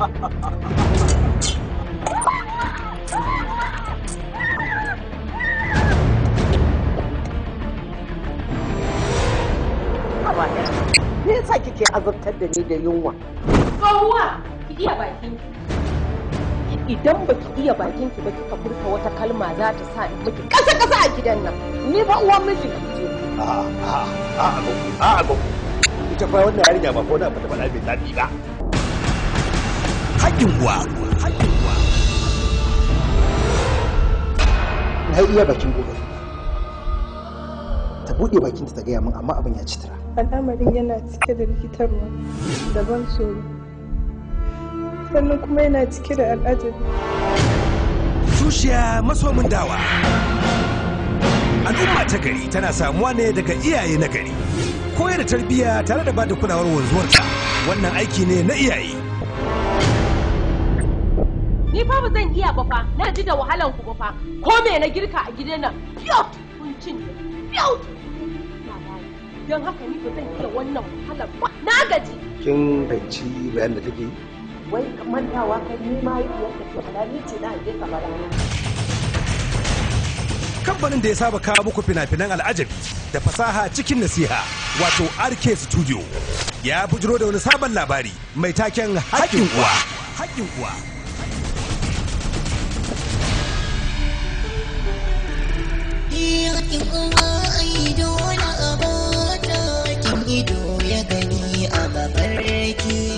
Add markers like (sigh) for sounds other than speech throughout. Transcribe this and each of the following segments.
Me yasa kike azabtar da ni da yunwa? Tsohuwa, ki iya bakinki. Idan ba ki iya bakinki ba kika furta wata kalma za ta sa in miki kasa kasa a gidan nan. Ni ba uwan miji ki ce. A'a, a'a, a'a, a'a, a'a, ita fa wannan yarinya ba ko na fata faɗa mai daɗi ba. haƙƙin uwa na yi iya bakin gobe ta buɗe bakin ta gaya min amma abin ya ci tara. al'amarin yana cike da rikitarwa da ban tsoro sannan kuma yana cike da al'ajabi Tushiya min dawa al'umma ta gari tana samuwa ne daga iyaye na gari koyar da tarbiyya tare da bada kulawar wanzuwarta wannan aiki ne na iyaye ni fa ba zan iya ba fa na ji da wahalan ku ba fa ko me na girka a gidan nan fiyot kun cin fiyot don haka ni ba zan iya wannan wahala ba na gaji kin banci bayan da take wai wa kai ni ma yadda ke bala ni ce da girka bala kamfanin da ya saba kawo muku fina-finan al'ajabi da fasaha cikin nasiha wato RK Studio ya bujiro da wani sabon labari mai taken haƙƙin uwa haƙƙin uwa ido ya gani a mafarki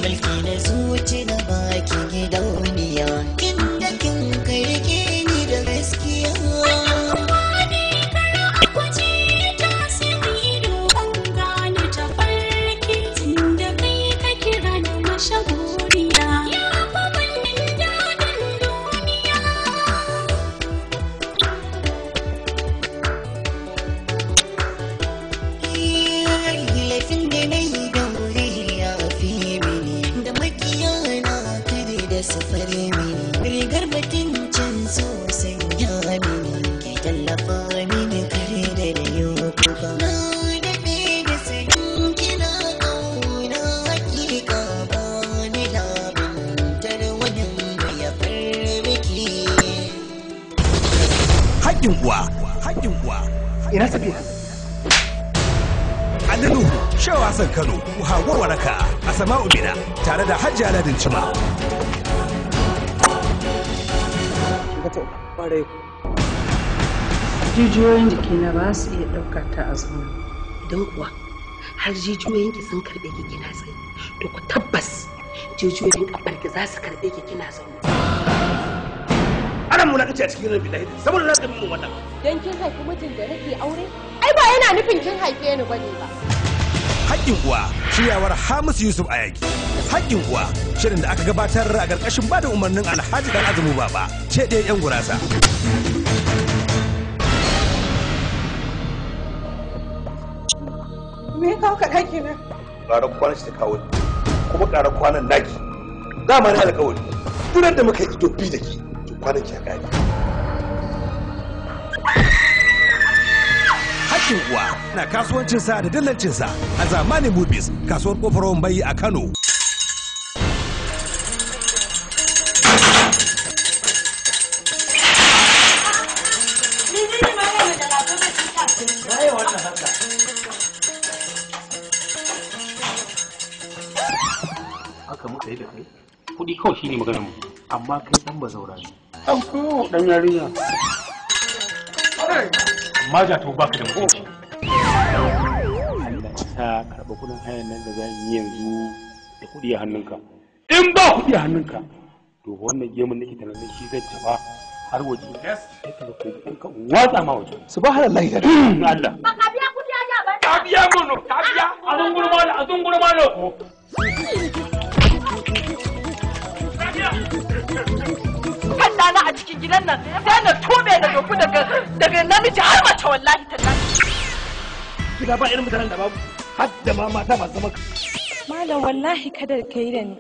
jijiyoyin na ba su iya ɗaukar ta a zaune don kuwa har ki sun karɓe ki kina tsaye to ku tabbas jijiyoyin ki za su karɓe ki kina zaune ana mulaka ce a cikin rabi lahi saboda na mu wannan dan kin haifi mutum da nake aure ai ba yana nufin kin haife ni bane ba haƙƙin uwa shiryawar Hamis Yusuf ayaki haƙƙin uwa shirin da aka gabatar a ƙarƙashin bada umarnin Alhaji Dan Azumi Baba ce ɗaya 'yan gurasa ƙarar kwanan shi ta kawo ni kuma ƙarar kwanan naki za mu ne alƙawari tunan da muka yi ido bi da ke to kwanan ki a ƙare. Hakkin uwa na kasuwancinsa da dillancinsa a zamanin movies kasuwar kofar bayi a Kano. ne maganar mu amma kai dan ba zaura ne auko dan yarinya amma ja to baka da mutunci Allah ya karba kudin hayan nan da zan yi yanzu da kudi a hannunka in ba kudi a hannunka to wannan gemun nake tare da shi zai tafa har waje yes ko kanka watsa ma waje subhanallahi hmm, da Allah ka biya kudi a ja ba ka biya mun ka biya azun gurmalo azun gurmalo kan dana a cikin gidan nan sai na tome da doku daga daga namiji har mace wallahi tallahi gida ba irin mutanen da babu har da ma mata masu maka malam wallahi kada ka yi da ni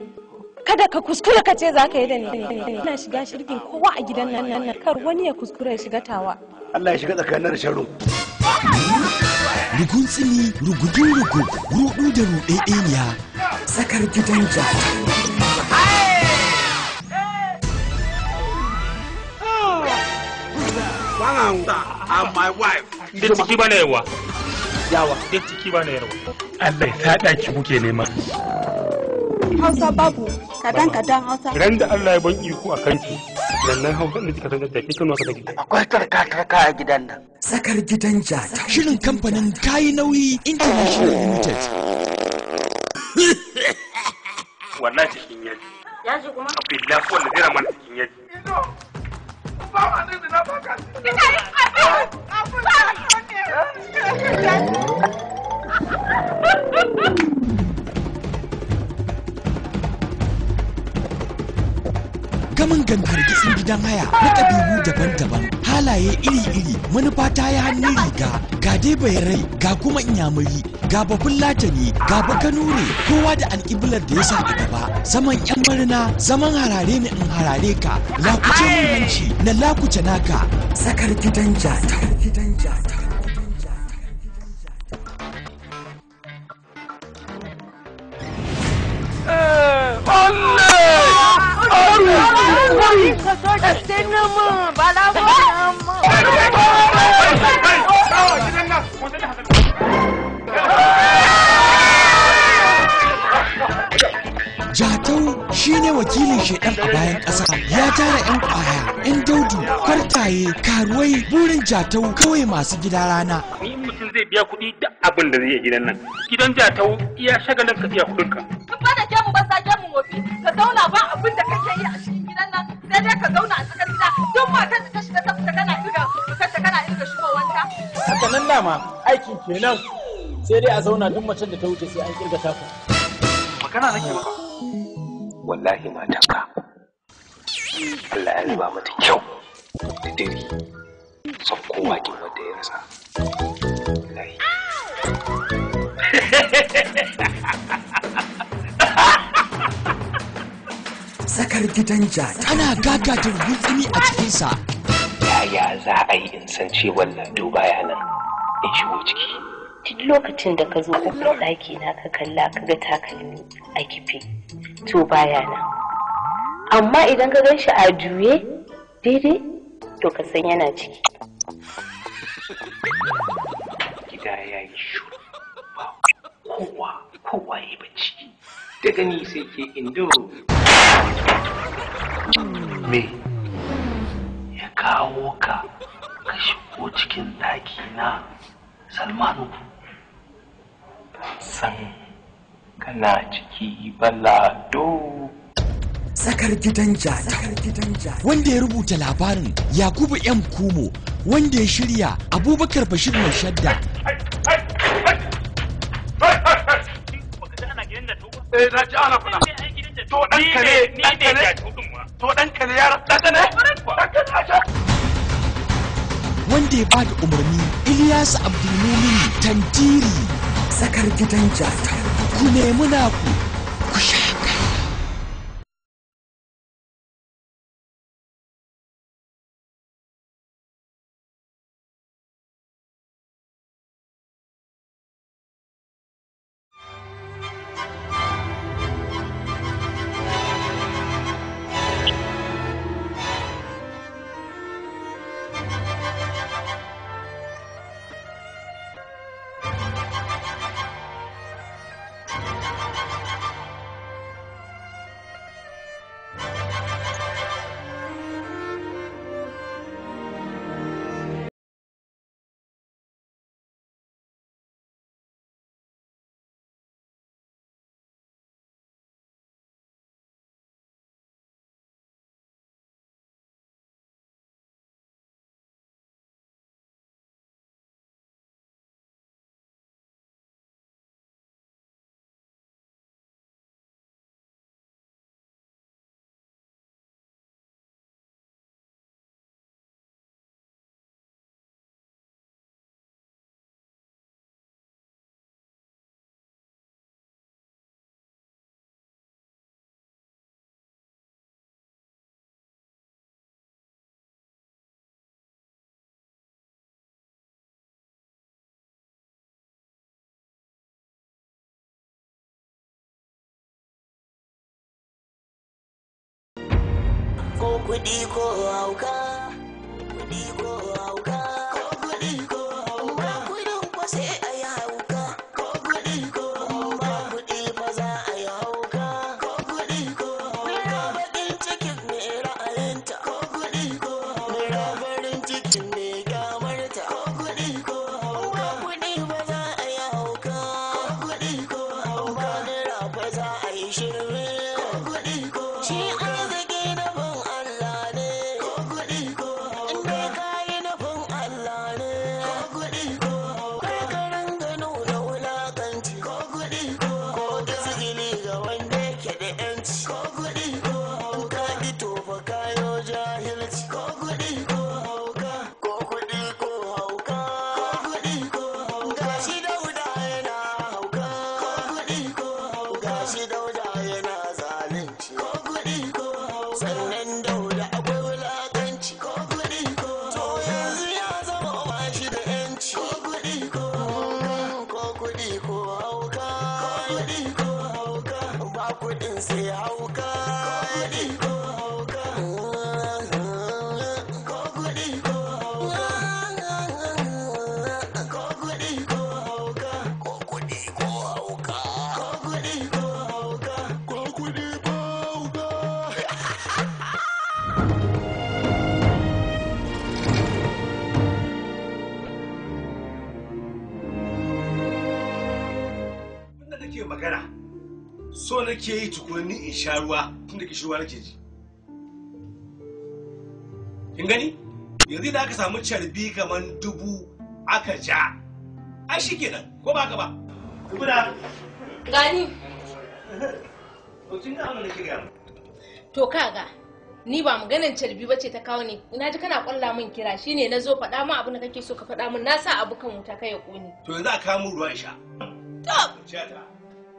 kada ka kuskura ka ce za ka yi da ni ina shiga shirgin kowa a gidan nan nan kar wani ya kuskura ya shiga tawa Allah ya shiga tsakanin da rugun tsini rugudun rugu rudu da ruɗe ɗeniya sakar gidan jata and, and my wife. Duk yawa. Allah ya sada ki kuke nema. Hausa babu kadan kadan Hausa. Ran da Allah ya ban iko a kanki. Sannan Hausa da kika tantar tafi kano ka Akwai tarka tarka a gidan nan. Sakar gidan jata. Shirin kamfanin Kayi Nauyi International Limited. Wannan cikin yaji. Yaji kuma? Abdullahi cikin yaji. 妈妈，你对他多好，你看一看，他不孝顺你。gaman gangar gisin gidan haya na ƙabilu daban-daban halaye iri-iri manufa ta yi hannun riga ga dai bayarai ga kuma inyamuri ga babun latani ga baka nure kowa da alƙiblar da ya sa a gaba zaman yan marina zaman harare ni in harare ka lakuce mun hanci na lakuce naka sakar gidan jata gidan jata Allah! Eh, Jatau shi ne wakilin shedan a bayan ƙasa ya tara 'yan ƙwaya, 'yan daudu, kwartaye, karuwai, burin jatau kawai masu gida rana. Ni mutum zai biya kuɗi da abin da zai yi gidan nan. Gidan jatau iya shagalin ka biya kuɗinka. Duk ba da kemu ba sa kemu wofi. ka zauna ba abin da kake yi a cikin gidan nan sai dai ka zauna a tsakar gida duk matar da ta shiga ta fita kana irga fitar kana irga shigowanta. haka nan dama aikin kenan sai dai a zauna duk macen da ta wuce sai an kirga taku. magana nake ba. wallahi matanka Allah ya riba mata kyau da dare son kowa kin wanda ya rasa. Wallahi. (laughs) tsakar gidan ja tana da rutsuni a cikinsa yaya za a yi in san ce wannan duba yanan in shigo ciki duk lokacin da ka zo kofar ɗaki na ka kalla ka ga takalmi a kife to baya nan amma idan ka gan a juye daidai to ka san yana ciki gida ya yi shuru ba kowa kowa ya yi bacci da gani sai ke indo me ya kawo ka ka shigo cikin ɗaki na salmanu san kana ciki balado Sakar gidan jata wanda ya rubuta labarin yakubu m kumo wanda ya shirya abubakar bashir mai Shadda. eh na ji ana fada to dan kare dan kare to dan kare ya rasa ne wanda ya bada umarni ilyasu Abdulmumin Tantiri sakar gidan jata ku nemi naku ku sha kuɗi ko hauka kuɗi ko hauka gurin ni in sha ruwa tun da kishirwa nake ji kin gani yanzu da aka samu carbi kamar dubu aka ja ai shi kenan ko ba ka ba dubu da gani to kin ga abin da kike ga to kaga ni ba maganan carbi bace ta kawo ne ina ji kana kwalla min kira shine na zo faɗa ma abin da kake so ka faɗa min na sa abu kan wuta kai ya ƙone. to yanzu a kawo min ruwa in sha to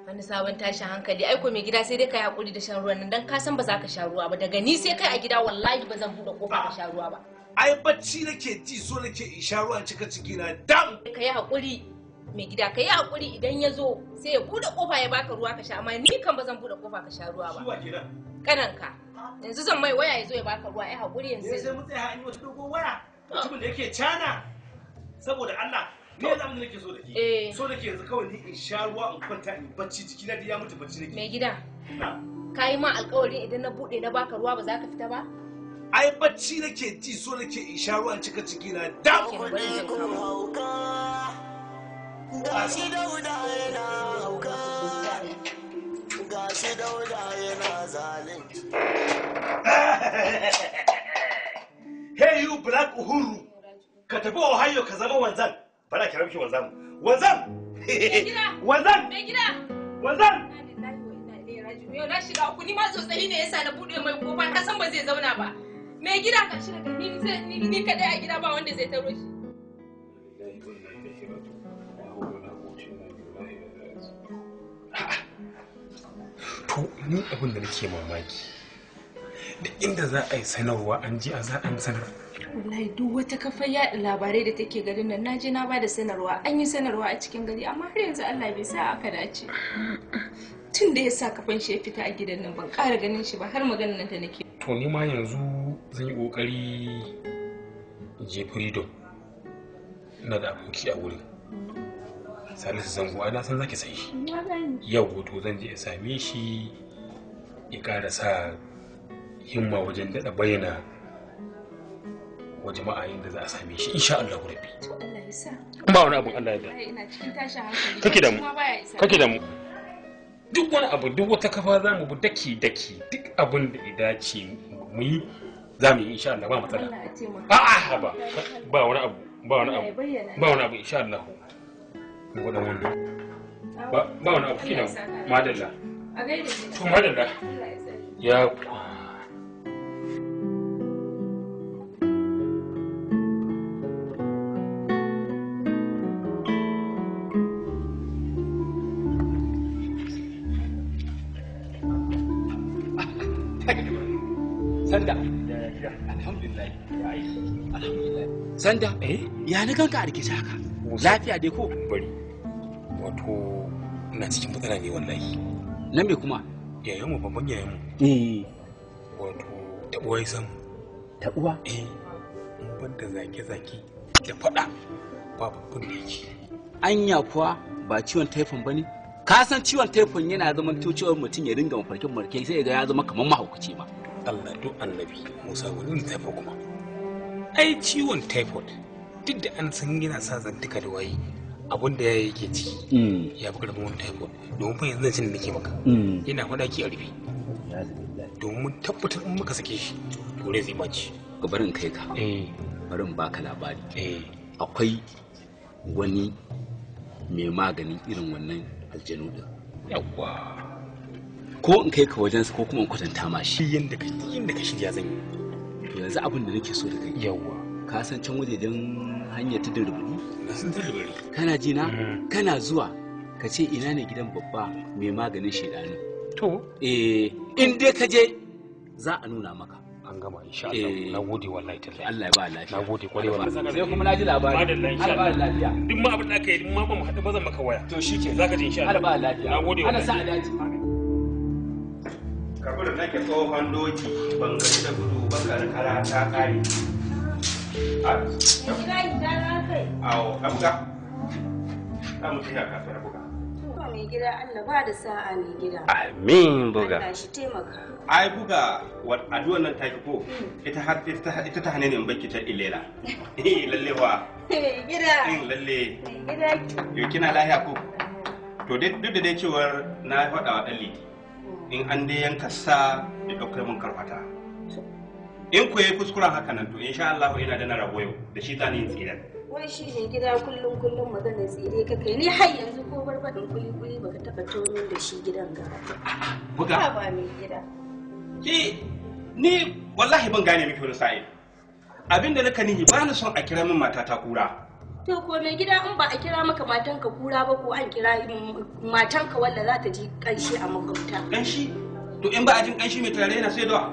wani sabon tashin hankali aiko mai gida sai dai ka hakuri da shan ruwan nan dan ka san ba za ka sha ruwa ba daga ni sai kai a gida wallahi ba zan buɗe kofa ka sha ruwa ba ai bacci nake ji so nake in sha ruwa cika ciki na dam ka yi hakuri mai gida ka yi hakuri idan ya zo sai ya buɗe kofa ya baka ruwa ka sha amma ni kan ba zan buɗe kofa ka sha ruwa ba kanan ka yanzu zan mai waya ya zo ya baka ruwa ai hakuri yanzu sai mu tsaya an yi wata dogon waya mutumin da yake cana saboda Allah ne yanzu abin da nake so da ke eh. so da ke yanzu kawai ni in sha ruwa in kwanta in bacci jiki na ya mutu bacci nake mai gida ka yi ma alƙawarin idan na buɗe na baka ruwa ba za ka fita ba ai bacci nake ji so nake in sha ruwa in cika ciki na da ga shi dauda yana hauka gashi shi dauda yana zalunci (laughs) hey you black uhuru ka tafi ohio ka zama wanzan bana kira miki wanzan wanzan wanzan me gida wanzan yau na shiga uku ni ma tsotsayi ne yasa na bude mai kofa ka san ba zai zauna ba me gida ka shi daga ni ni kadai a gida ba wanda zai taro shi to ni abin da nake mamaki da inda za a yi sanarwa an ji a za a yi sanar wallahi duk wata kafar yaɗa labarai da take garin nan naje na bada sanarwa an yi sanarwa a cikin gari amma har yanzu Allah bai sa aka dace tun da ya sa kafan shi ya fita a gidan nan ban kara ganin shi ba har maganar nan ta nake to ni ma yanzu zan yi kokari je freedom na da aboki a wurin salisu zango ana san zaki sai shi yau hoto zan je in same shi ya ƙara sa himma wajen daɗa bayyana wa jama'a yadda za a same shi insha Allah ba wani abu Allah ya da kake da mu kake da mu duk wani abu duk wata kafa za mu bi daki daki duk abin da ya dace mu yi za mu yi insha Allah ba matsala ba ba wani abu ba wani abu ba wani abu insha Allah mu gwada wannan ba wani abu kina madalla to madalla ya sanda eh? ya na ganka a rikice haka lafiya dai ko bari wato ina cikin matsala ne wallahi Nan me kuma yayan mu babban yayan mu eh wato da uwa ya samu eh, da uwa eh mun banda zake zaki da fada ba babban da yake anya kuwa ba ciwon taifin ne? ka san ciwon taifin yana zama ciwon mutum ya ringa mafarkin marke sai ya ga ya zama kamar mahaukaci ma Allah duk annabi Musa wani taifin kuma ai ciwon typhoid duk da an san yana sa zantuka da waye abin da yake ciki mm. ya fi karfin wani typhoid domin fa yanzu zancen da nake maka mm. yana fada ki a rufe domin tabbatar in muka sake shi to zai mace ga barin kai ka eh. barin in baka labari eh. akwai wani mai maganin irin wannan aljanu din yawwa ko in kai ka wajensa ko kuma in kwatanta ma shi yadda ka shirya zan yi yanzu abin da nake so da kai yawa ka san can wajejen hanyar ta rubutu kana ji na mm. kana zuwa ka ce ina ne gidan babba mai maganin shaidanu to eh in dai ka je za a nuna maka an gama insha Allah eh. na gode wallahi ta Allah ya ba lafiya na gode kwarai wallahi sai kuma naji labari Allah ba lafiya duk ma abin da kai yi ma ba mu hadu bazan maka waya to shike zaka ji insha Allah Allah ba lafiya na gode wallahi ana sa alaji karbi da nake tsohon doki ban gaji da gudu ba karkara ta kare awo ka buga za mu kasuwar buga mai gida Allah ba da sa'a mai gida amin buga Allah shi taimaka ai buga addu'ar nan ta ko hmm. ita ta hane ne baki ta ilela eh, lalle wa (laughs) gida eh, lalle gida yau kina lahiya ko to duk da dai cewar na faɗa wa in an dai yanka sa ya ɗaukar mun karfata in ku yi kuskuren haka nan to insha Allah ina da na rabo yau da shi zani yin tsirar wai shi ne gida kullum kullum magana tsire ka kai ni har yanzu ko barbadin kuli kuli baka taba tono da shi gidan ga buga ba mai gida ki ni wallahi ban gane miki wani sa'i abinda naka nihi ba ni son a kira min matata kura to ko mai gida in ba a kira maka matanka kura ba ko an kira matanka wanda za ta ji kanshi a makwabta kanshi to in ba a jin kanshi mai tare yana sai da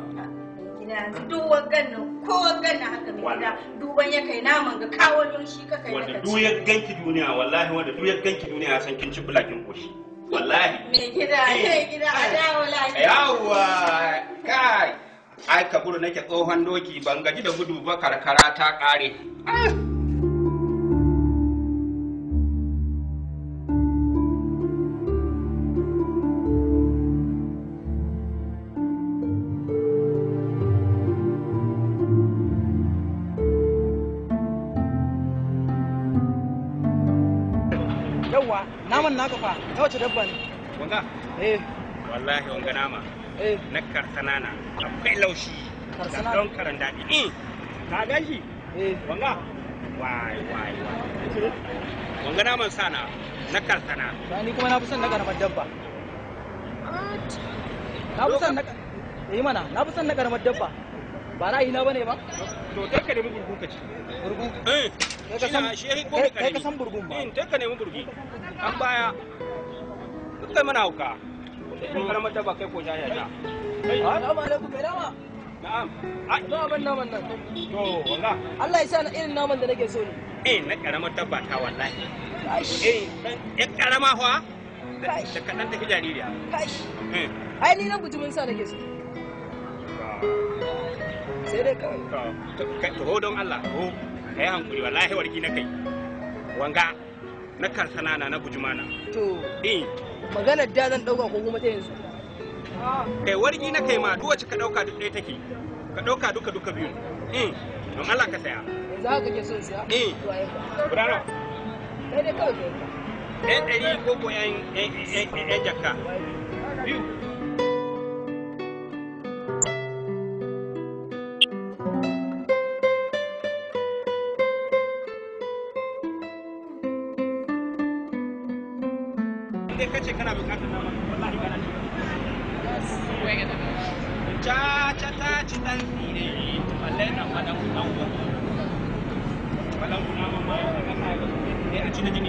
duk gan nan ko gan nan haka mai gida duban ya kai naman ga kawo yoshi ka kai wanda duk ya ganki duniya wallahi wanda duk ya ganki duniya san kin ci bulakin koshi wallahi mai gida sai eh. gida a dawo lafiya yawa kai ai kaburu nake tsohon doki ban gaji da gudu ba karkara ta kare ah! naka fa ta wace dabba ne wanga eh wallahi wanga nama eh na kartanana akwai laushi karsana don karan daɗi eh ka gan eh wanga wai wai wai wanga sana na karsana ni kuma na fi son na karamar dabba na fi son na yi eh mana na fi son na karamar dabba ba ra'ayi na bane ba to kai ka nemi burgun ka ci burgun eh kai ka san burgun ba eh kai ka nemi burgun an baya duk kai mana hauka kun karamar ta ba kai ko shaya ta assalamu alaikum kai dama na'am ai to abin naman nan to wallah Allah ya sa na irin naman da nake so ne eh na karamar ta wallahi eh dan karama fa da kaɗan ta jaririya ai ni nan bujumin sa nake so sai dai kawai to don Allah to kai hankuri wallahi warki na kai wanga na karsana na na bujumana to in eh. magana da zan dauka ko kuma ta yanzu kai eh, wargi na kai ma duwace ka dauka duk ɗaya take ka dauka duka duka biyu in eh, don Allah ka saya za ka ke son siya in burano kai da kawai ɗan ɗari ko ko ɗan jakka biyu kita berkata nama pelah juga nanti. Kue kata tu. Caca caca tadi ni tu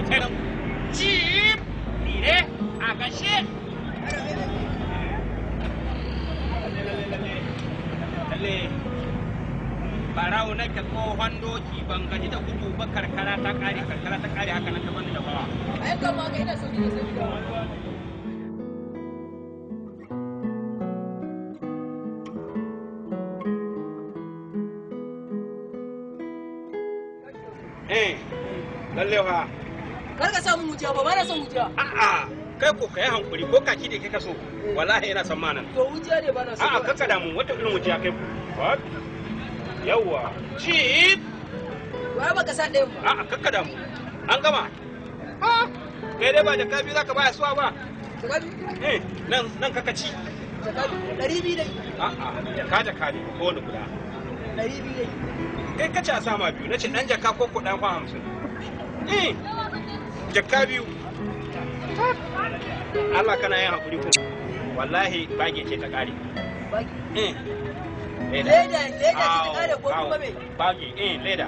terang. Jeep, ni agak sih. Lele Barau nak kau hando jibang kaji tak kutu bakar tak ada. kata. Eh, lallewa. A'a, kai ko kai hankuri ko kaki da kika so. Wallahi ina son manan. To ne A'a, kaka damu, wata irin wuce kai ku. What? Chief. Wai baka ba. A'a, kaka damu. An gama. Ah. kai dai ba da kabi zaka baya suwa ba eh nan nan kaka ci ɗari biyu dai a'a jaka jaka ne ko wani guda ɗari biyu dai kai ka ci a sama biyu na ce ɗan jaka ko kuɗan fa hamsin eh jaka biyu Allah kana yin hakuri ko wallahi bage ce ta ƙare bage eh leda leda ce ta ƙare ko kuma me bage eh leda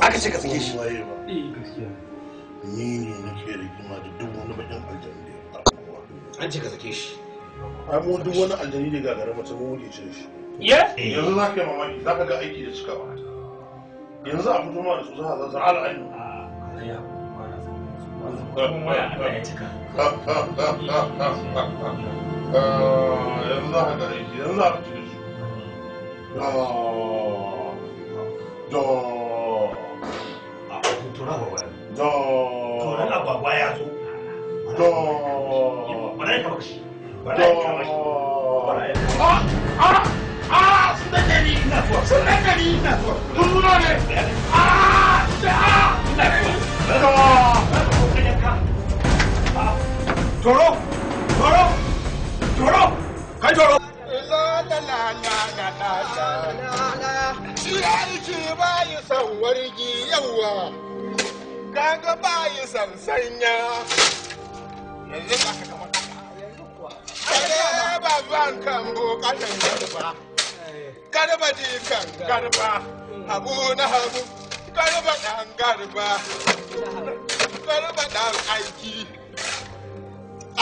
aka ce ka eh, ni ne da duk wani bakin aljanu da ya an ce ka shi ai mu duk wani aljanu da gagara mace mu wuce shi eh. yanzu za ka yi mamaki za ka ga aiki da yanzu a fito ma da su za ah, ala yanzu za ka ga aiki yanzu tsoron agwagwa ya ya ah, ah, ah, ni garba jikan garba abu na habu garba dan garba garba dan aiki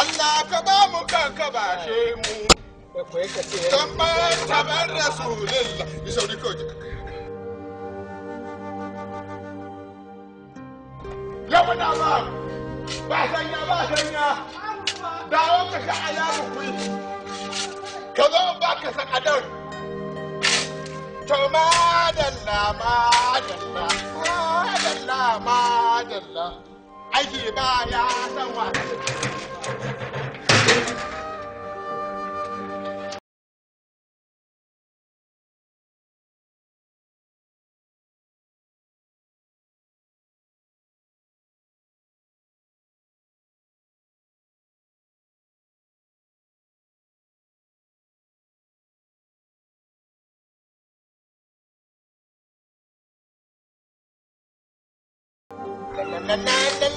Allah ka ba mu kanka bashe mu don ba tabar rasulillah bi sauri kawai yawon ba ba sanya ba sanya dawo ka sha alamu kuyi ka zo ba ka sakadar to madalla madalla madalla madalla aiki ba ya san wa Ku nemi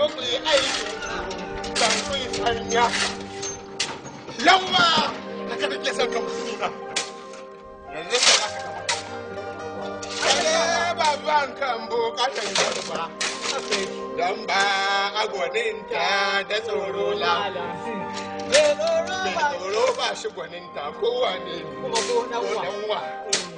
ku yi aiki, da ka son ka musu Yanzu ka kan bukatan yamma. Don ba a gwaninta da tsoro lala. Mai tsoro ba shi gwaninta Kuma ko wa.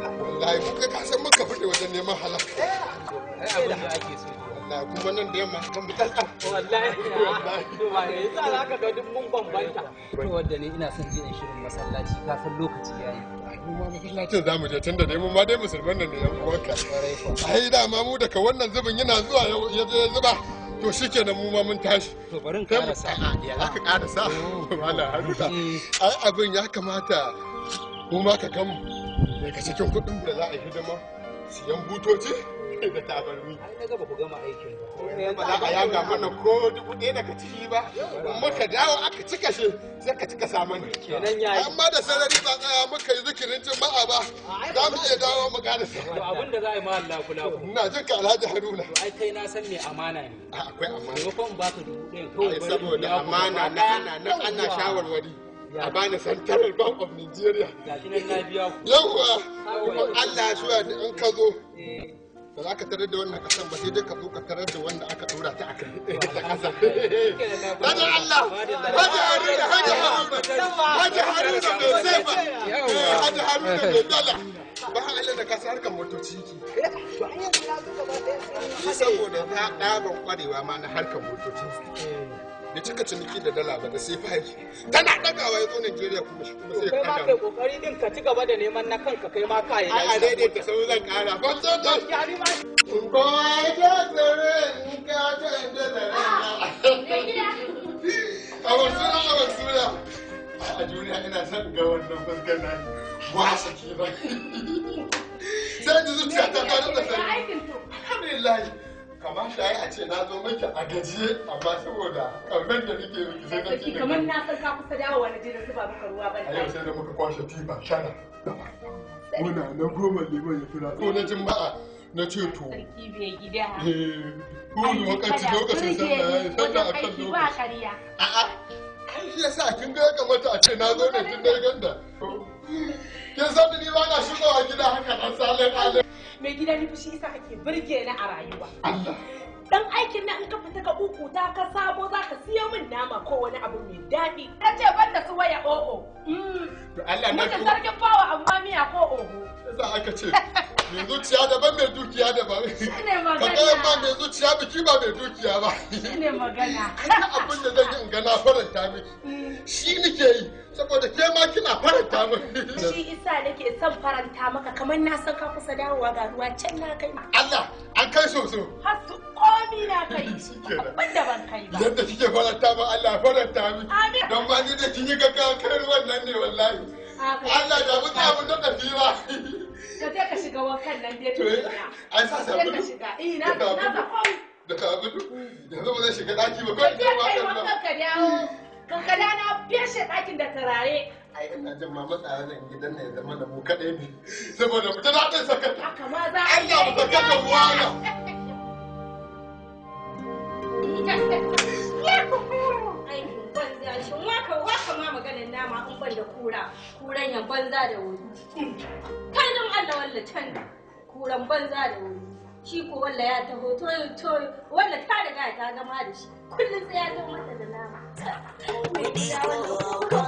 wallahi kuka ka mun ka fide wajen neman halal ai abin wallahi kuma nan da yamma kan bitan wallahi wallahi yasa zaka ga duk mun bambanta to wanda ne ina son je shirin masallaci kafin san lokaci yayi kuma masallacin za mu je tun da dai mu ma dai musulman nan ne yan uwanka ai da ma mu daga wannan zubin yana zuwa ya je zuba to shi ke mu ma mun tashi to bari in sa. ya za ka karasa wala oh. haruka eh. ai abin ya kamata mu ma ka gamu Mai kashe kyau kuɗin da za a yi hidima siyan butoci (laughs) da tabarmi. Ai na gaba ku gama aikin ba. Ba za a yaga mana ko dubu ɗaya daga ciki ba. In muka dawo aka cika shi sai ka cika saman. Kenan yayi. Amma da sarari ba tsaya muka yi zikirin jin ba'a ba. Za mu iya dawo mu gane sa. To abin da za a yi ma Allah kula ku. Ina jin ka Alhaji Haruna. To ai kai na san me amana ne. Akwai amana. Maimakon baka dubu ɗaya kawai bari. Saboda amana na ana shawarwari. a bani central bank of nigeria yawwa kuma allah zuwa da in ka zo eh. ba za ka tarar da wannan kasan ba sai dai ka zo ka tarar da wanda aka dora ta a ta kasa hada allah hada haruna hada muhammad hada haruna mai sefa hada haruna mai dala ba a ilin da kasa harkar motoci ki saboda ta ɗaban kwarewa ma na harkar motoci eh. da cika ciniki da dala ba da sai fahimci tana dagawa ya zo nigeria kuma shi kuma sai kada kai ma kai kokari din ka ci gaba da neman na kanka kai ma kai a daidai ta sau zan kara ban so ta kun ko ai ta tsare in ka ta inda da na a wasu na a wasu na a duniya ina son ga wannan fuskar na ba ke ba sai da zuciya ta ta da tsari alhamdulillah kamata ya a ce na zo miki a gajiye amma saboda ƙaunar da nake miki sai nake miki kamar na san ka kusa dawowa na zuba ruwa ba a yau sai da muka kwashe tiba shana muna na goma liman ya fura ko na jimba'a na ce to sarki bai gida eh, lokacin sallah sallah a kan lokaci ba a'a kai yasa kin ga kamata a ce na zo ne tun dai ganda kin san ni ba na shigowa gida haka nan salin mai gida ni fushi isa kake burge ni a rayuwa Allah dan aikin na, in ka fita ka uku ta ka sabo za ka siyo min nama ko wani abu mai daɗi na ce ban su waya o'o mm. to Allah na mutum sarkin bawa amma miya ko oho za aka ce mai zuciya daban mai dukiya daban shine magana ka ga ba mai zuciya biki ba mai dukiya ba shine magana kana abin da zan yi in ga na faranta miki mm. shi nake yi saboda ke ma kina faranta miki shi isa nake son faranta maka kamar na san ka kusa dawowa ga ruwa can na kai Allah an kai so so har su komi na kai ban da ban kai ba yadda kike faranta ba Allah faranta mi don ba ni da kin yi gaggawa wannan ne wallahi Allah da da ba ka je ka shiga wakan nan to an sa ka shiga eh na na ka da ka abu shiga daki ba kai ba ka na dakin da turare ai ina jin ma matsaya nan gidan ne zama da mu kadai ne saboda mu ta sakata haka ma za a yi Allah mu sakata Aikin banza nama da kuran yan da wuri. Shi ko ya taho ta riga ta da shi kullum sai ya zo mata da nama.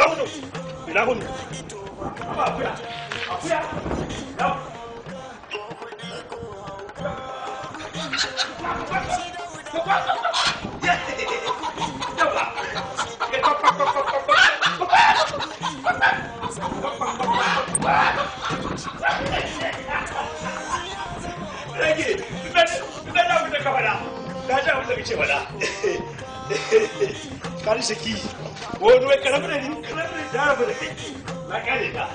Vámonos. Milágonos. Vamos, C'est qui Jonathan the Biggie, like I did not.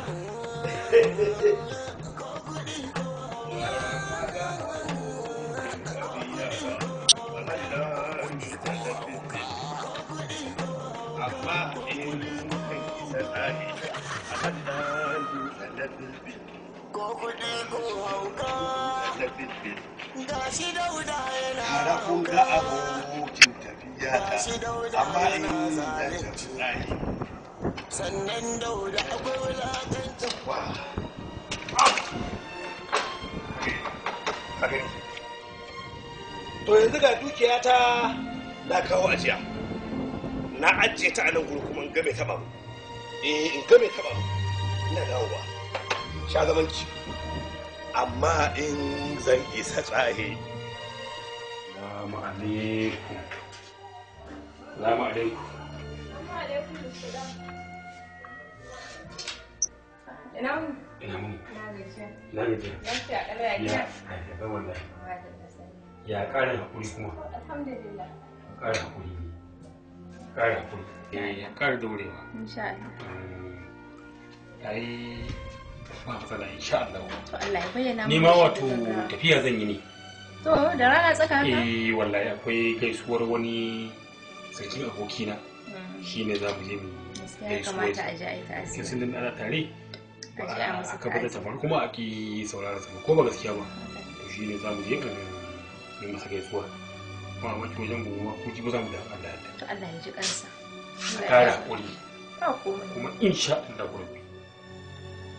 Gashi dauda yana da kun ga abokin tafiya ta amma in da tafi sannan dauda akwai wulakancin to yanzu ga dukiya ta na kawo ajiya na ajiye ta a nan guri kuma in game ta babu eh in game ta babu ina dawowa sha zaman ki amma in zan isa tsahe ku alaikum ma'ani ku Ina mu? Ina mu. Na Na ya gida. Ya wallahi. Ya kare hakuri kuma. kare hakuri. hakuri. Ya kare dorewa. Insha Allah. Ai ba matsala insha Allah. To Allah ya bayyana Ni ma wato tafiya zan yi ne. To da rana Eh wallahi akwai gaisuwar wani sarkin abokina. Shi ne za mu je mu Gaskiya kamata a ji a tasiri. Kin ana tare? a ji ah, a musu kaji kuma a ki saurara ta ko ba gaskiya ba to shi ne za mu je ka ne masa gaisuwa a wanki wajen gobe ko ji ba za mu da Allah ya to Allah ya ji kansa a kare hakuri kuma insha Allah gurbi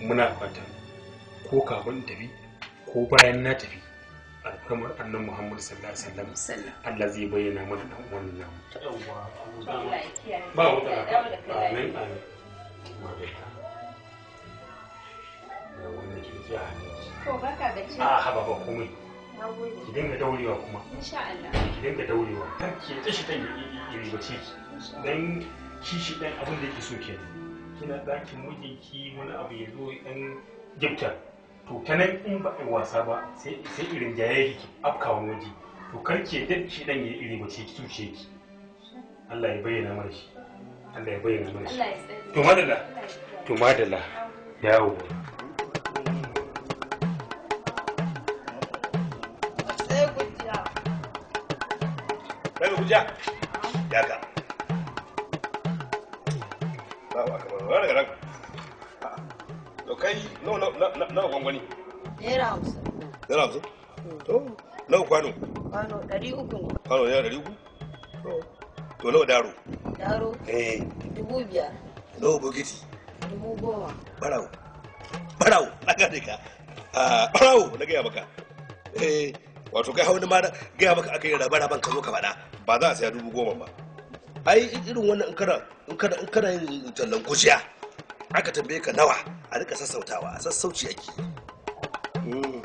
muna fatan ko kafin tafi ko bayan na tafi alfarmar annan muhammadu sallallahu alaihi wasallam Allah zai bayyana mana dan uwan ba wuta amin amin a hannunki to ci a komai ki dinga daurewa kuma ta kina dakin mijinki wani abu ya zo dan gifta nan in ba a wasa ba sai irin jaye ki afkawa waje to kar dan shi dan ya iri ba ce ki tuce ki Allah ya bayyana mana shi Allah ya bayyana mana shi to madalla to madalla yawo ya. ya ka ba N'o N'o no no no N'o N'o N'o N'o N'o N'o N'o N'o N'o N'o N'o wato kai hau ma gaya maka aka yi raba raban ka zo ka faɗa ba za a saya dubu goma ba ai irin wannan in kana in kana yin tallan kuciya aka tambaye ka nawa a rika sassautawa a sassauci ake hmm.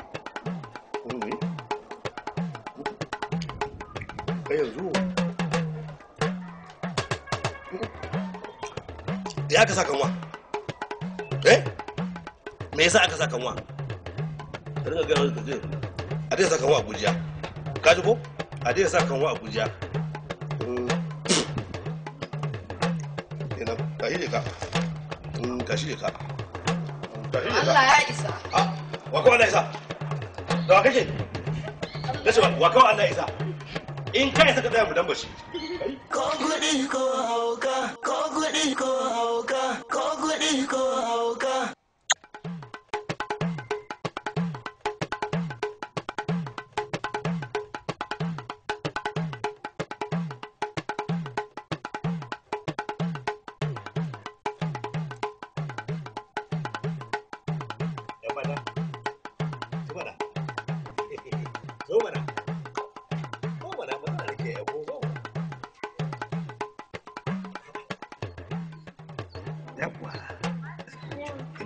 kai yanzu ya ka sa kanwa eh me yasa aka sa kanwa ka dinga wani a daina sa kanwa abuja ka ji ko a daina sa wa abuja mm. ina ka yi mm, ka ka shi ka ka shi ka Allah ya isa ha wa ko Allah isa da kake da shi wa ko Allah isa in kai saka da mu dan bashi ko gudi ko hauka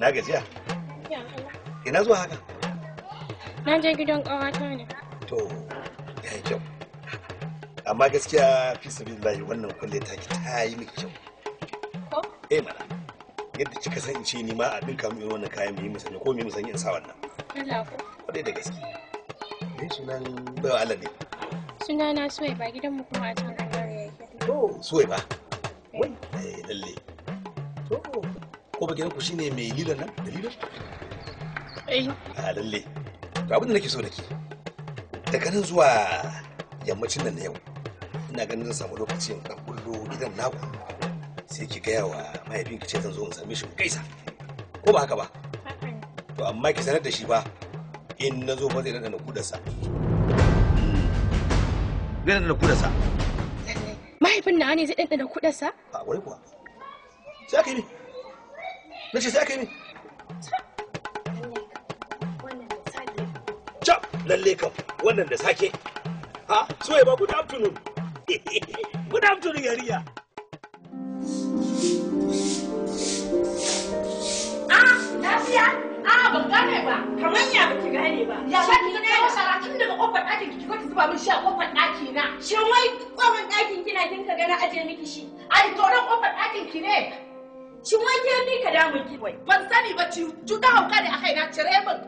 Na gajiya? Ina zuwa haka? Na je gidan ƙawata ne. To, ya yi kyau. Amma gaskiya fi sabi lahi wannan kulle ta ki ta yi miki kyau. Ko? Eh mana. Yadda kika san ce ni ma a dinka mu wannan kayan mu yi musanya ko mu yi musanya yin sa wannan. Allah ko. Wadai da gaske. Ni sunan bawa Allah ne. Sunana Suwaiba gidan mu kuma a can Anwar yake. Oh, Suwaiba. gidan ku shine mai lila nan da lila eh a ah, lalle to abin da nake so da ke daga nan zuwa yammacin nan na yau ina ganin zan samu lokaci in dan kullo gidan naku sai ki gaya wa mahaifin ki ce zan zo in same shi mu gaisa ko ba haka ba to amma ki sanar da shi ba in na zo ba zai dana kudarsa zai na kudarsa mahaifin na ne zai ɗanɗana kuɗarsa? A wai kuwa. Sai aka yi na ce sai aka yi ne cap lalle kam wannan da sake ha so ya ba good afternoon (laughs) good afternoon yariya ah, ah, ba kamar ya gane ba ya ba ki gane ba tun daga kofar ɗakin ki ki zuba min shi a kofar na shin wai kofar ɗakin kina kin ka gana aje miki shi a to kofar ɗakin ki ne Shi wai ke ni ka damun ki wai. Ban sani ba cuta hauka ne a kaina cire min.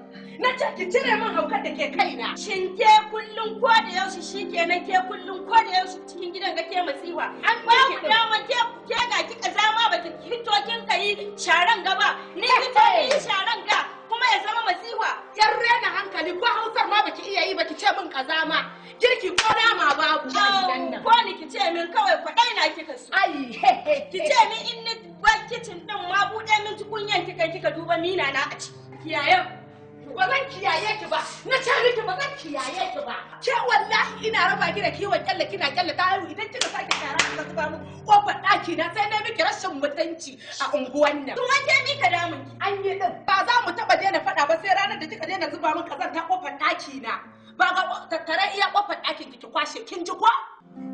Na ce ki cire min haukar da ke kaina. Shin ke kullum ko da yaushe shi ke na ke kullum ko da yaushe cikin gidan ga ke masiwa. An ba ku dama ke ke ga ki kazama ba ki hito kin kai sharan gaba. Ni ta ni sharan ga kuma ya zama masiwa. Yar rena hankali ko hausar ma baki iya yi ba ki ce min ma. Girki ko nama babu. Ko ni ki ce min kawai ku na kika so. Ai, ki ce min in ni kicin ɗin ma buɗe min tukunyan kika kika duba mina na a ci. Kiyayen. Ba zan kiyaye ki ba. Na ce miki ba zan kiyaye ki ba. Ke wallahi ina raba ki da kiwon kyalle kina kyalle ta haihu idan kika sake tara kika zuba mu kofar ki na sai dai miki rashin mutunci a unguwan nan. Kuma ke mika da damun ki. An yi din. Ba za mu taɓa daina faɗa ba sai ranar da kika daina zuba min ta kofar ɗaki na. Ba ga tattare iya kofar ɗakin ki kwashe kin ji ko?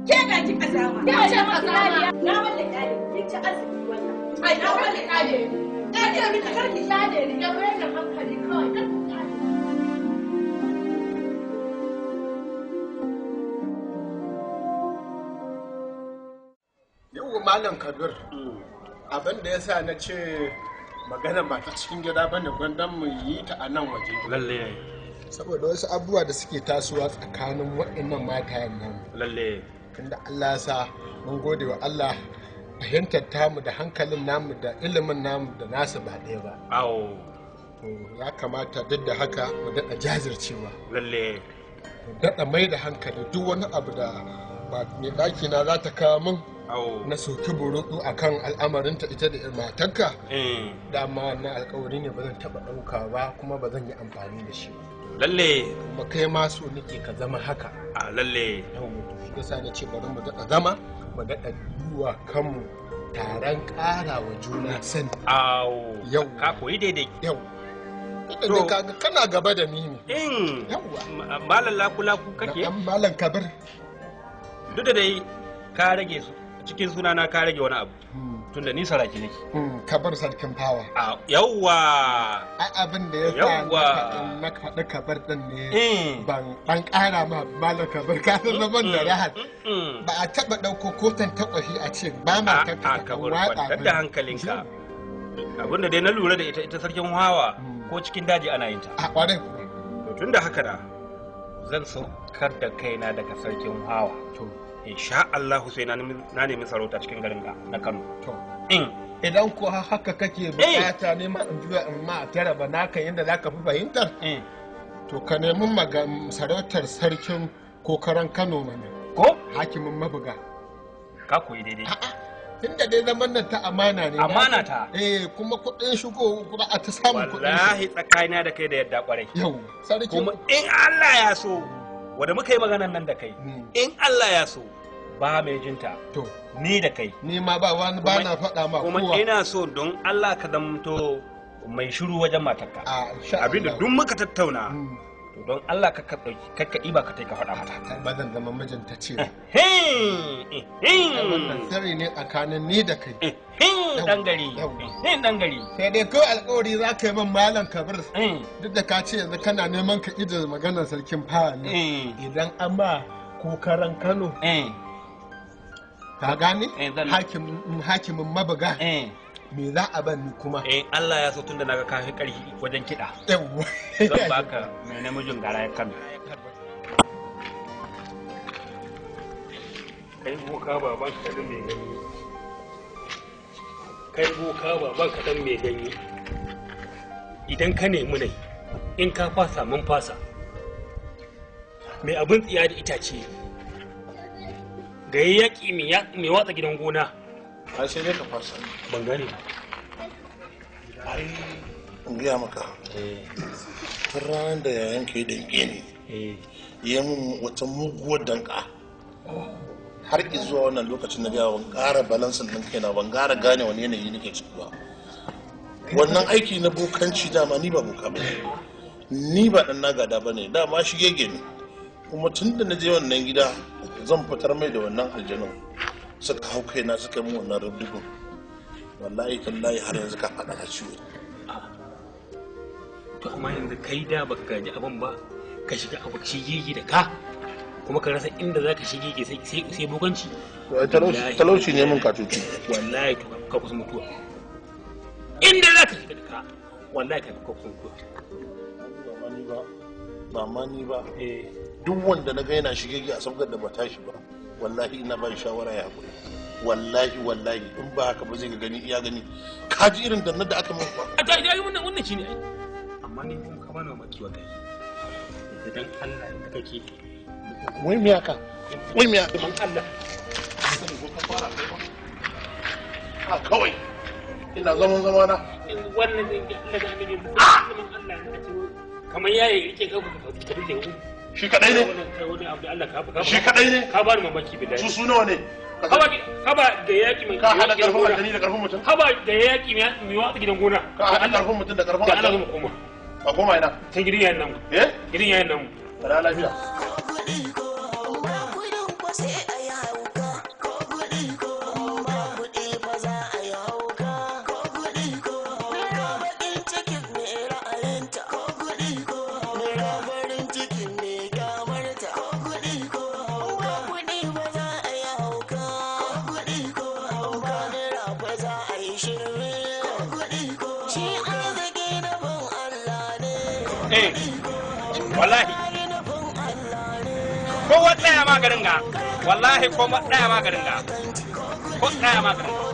Ke ga ki azama Ke ga ki kazama. Na wanda iyali kin ci azumi. ai na wani kade na ce miki karki shade ni ya mayar da hankali yau malam kabir abin da ya sa na ce magana ba ta cikin gida ba ne gwandan mu yi ta a nan waje lalle saboda wasu abubuwa da suke tasowa tsakanin waɗannan matayen nan lalle tunda allah sa mun gode wa allah fahimtar tamu da hankalin namu da ilimin namu da nasu ba ɗaya ba awo ya kamata duk da haka mu daɗa jazircewa lalle mu daɗa mai da hankali duk wani abu da ba mai ɗaki na za ta kawo min na soki burutu a kan al'amarinta ita da matarka eh. dama na alkawari ne ba zan taɓa ɗauka ba kuma ba zan yi amfani da shi lalle kuma kai ma so nake ka zama haka a lalle yau mutu shi yasa na ce bari mu daɗa zama mu daɗa duwa kanmu taron ƙara wa juna sani. Awo. Yau. Ka koyi daidai. Yau. To, kana gaba da ni ne. In. Yawwa. Malam laku-laku kake? Na ɗan malam kabir. Duk da dai ka rage su cikin sunana ka rage wani abu. Hmm. tunda ni saraki nake hmm, ka bar sarkin fawa yawwa A abin da ya sa na faɗi kabar din ne hmm. ban ban ƙara ma ka bar ka san zaman da rahat hmm, ba a taɓa ɗauko ko kotan takwashi a ce ba ma ta waƙa da hankalinka abin da dai na lura da ita ita sarkin hawa ko cikin daji ana yin ta a ƙwarin tunda haka da zan saukar da kaina daga sarkin hawa to insha Allah sai na nemi sarauta cikin garin ga na Kano to in idan ko haka kake eh. bukata ne ma in juya in ma tara ba naka yanda zaka fi fahimtar eh. to ka nemi sarautar sarkin kokaran Kano mana ko hakimin mabuga ka koyi daidai tunda dai zaman nan ta amana ne amana ta eh kuma kudin shigo kuma a ta samu kudin wallahi tsakanina da kai da yadda kwarai yau sarki kuma in Allah ya so wadda muka yi maganan nan da kai hmm. in Allah ya so ba mai jinta ni da kai ni ma ba wani ba na faɗa ma kuma ina so don Allah ka zamto mai shiru wajen matarka abinda duk muka tattauna hmm. to don Allah ka ka dauki ka ka iba ka tai ka faɗa mata kai ba zan zama mijin ta ce eh, eh, eh. wannan sirri ne tsakanin ni da kai dan gari dan gari sai dai ko alƙawari za ka yi min malam kabir duk da ka ce yanzu kana neman ka ida maganar sarkin fawa ne idan an ba kokaran Kano ka gane hakimin mabuga me za a ban ni kuma eh Allah ya so tun da naga kafin karfi wajen kiɗa yawa zan baka mai namijin gara ya kan kai boka baban ka dan mai gani kai boka baban ka dan me gani idan ka nemi ne, in ka fasa mun fasa mai abin tsiya da itace ga yaƙi mai watsa gidan gona ai sai dai ka fasa ban gane ai in gaya maka eh. tun ranar da yayan ke da gini eh. ya mun wata muguwar danka har zuwa wannan lokacin na gaya ban ƙara balansin ɗin kaina ban ƙara gane wani yanayi nake ciki ba wannan aiki na bokanci dama ni ba boka ba ni ba ɗan nagada ba ne dama shi gege ne kuma tun da na je wannan gida zan fitar mai da wannan aljanu. suka hau kaina suka mu wannan rubdugun wallahi tallahi har yanzu ka faɗa na ciwo to amma yanzu kai da baka gaji abin ba ka shiga abu shi gigi da ka kuma ka rasa inda za ka shige ke sai bokanci talauci ne mun kacuci wallahi ka kusa mutuwa inda za ka shiga da ka wallahi ka kusa mutuwa ba ma ni ba eh. duk wanda na ga yana shige a sabgar da ba tashi ba wallahi ina ban shawara ya haƙuri wallahi wallahi in ba haka ba zai ga gani iya gani ka ji irin dannar da aka mun ba a ta yi wannan wannan shine ai amma ni kuma kama na maki wa kai idan Allah ya kake wai me aka wai me haka Allah a kawai ina zaman zama na wannan zai ga Allah da mini Allah kamar yayi yake ga ku ka fita da wuri shi kadai ne shi kadai ne ka bani mamaki bidai su sunawa ne haba da yaki mai ka da karfin watanni da karfin mutum haba da yaki mai watsa gidan gona ka hada karfin mutum da karfin watanni da Allah mu a koma ina ta gidan yayin nan eh gidan yayin nan mu lafiya ma garin ga wallahi ko ma ɗaya ma garin ga ko ɗaya ma garin ga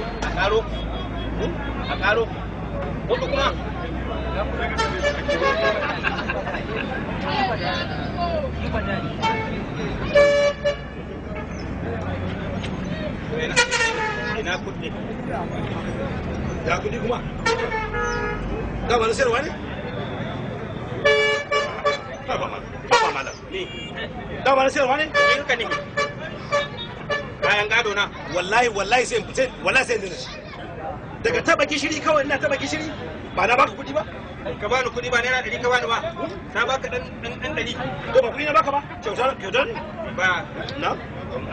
a karo a karo hudu kuma ina kudi da kudi kuma da wani sayarwa ne ba ba ma ba ma da ni da wani sayarwa ne ka ne kayan gado na wallahi wallahi sai sai wallahi sai dina daga taba gishiri kawai ina taba gishiri ba na baka kudi ba ka bani kudi ba naira ɗari ka bani ba hmm? na baka dan dan dan ɗari ko ba kudi na baka ba kyautar kyautar ba na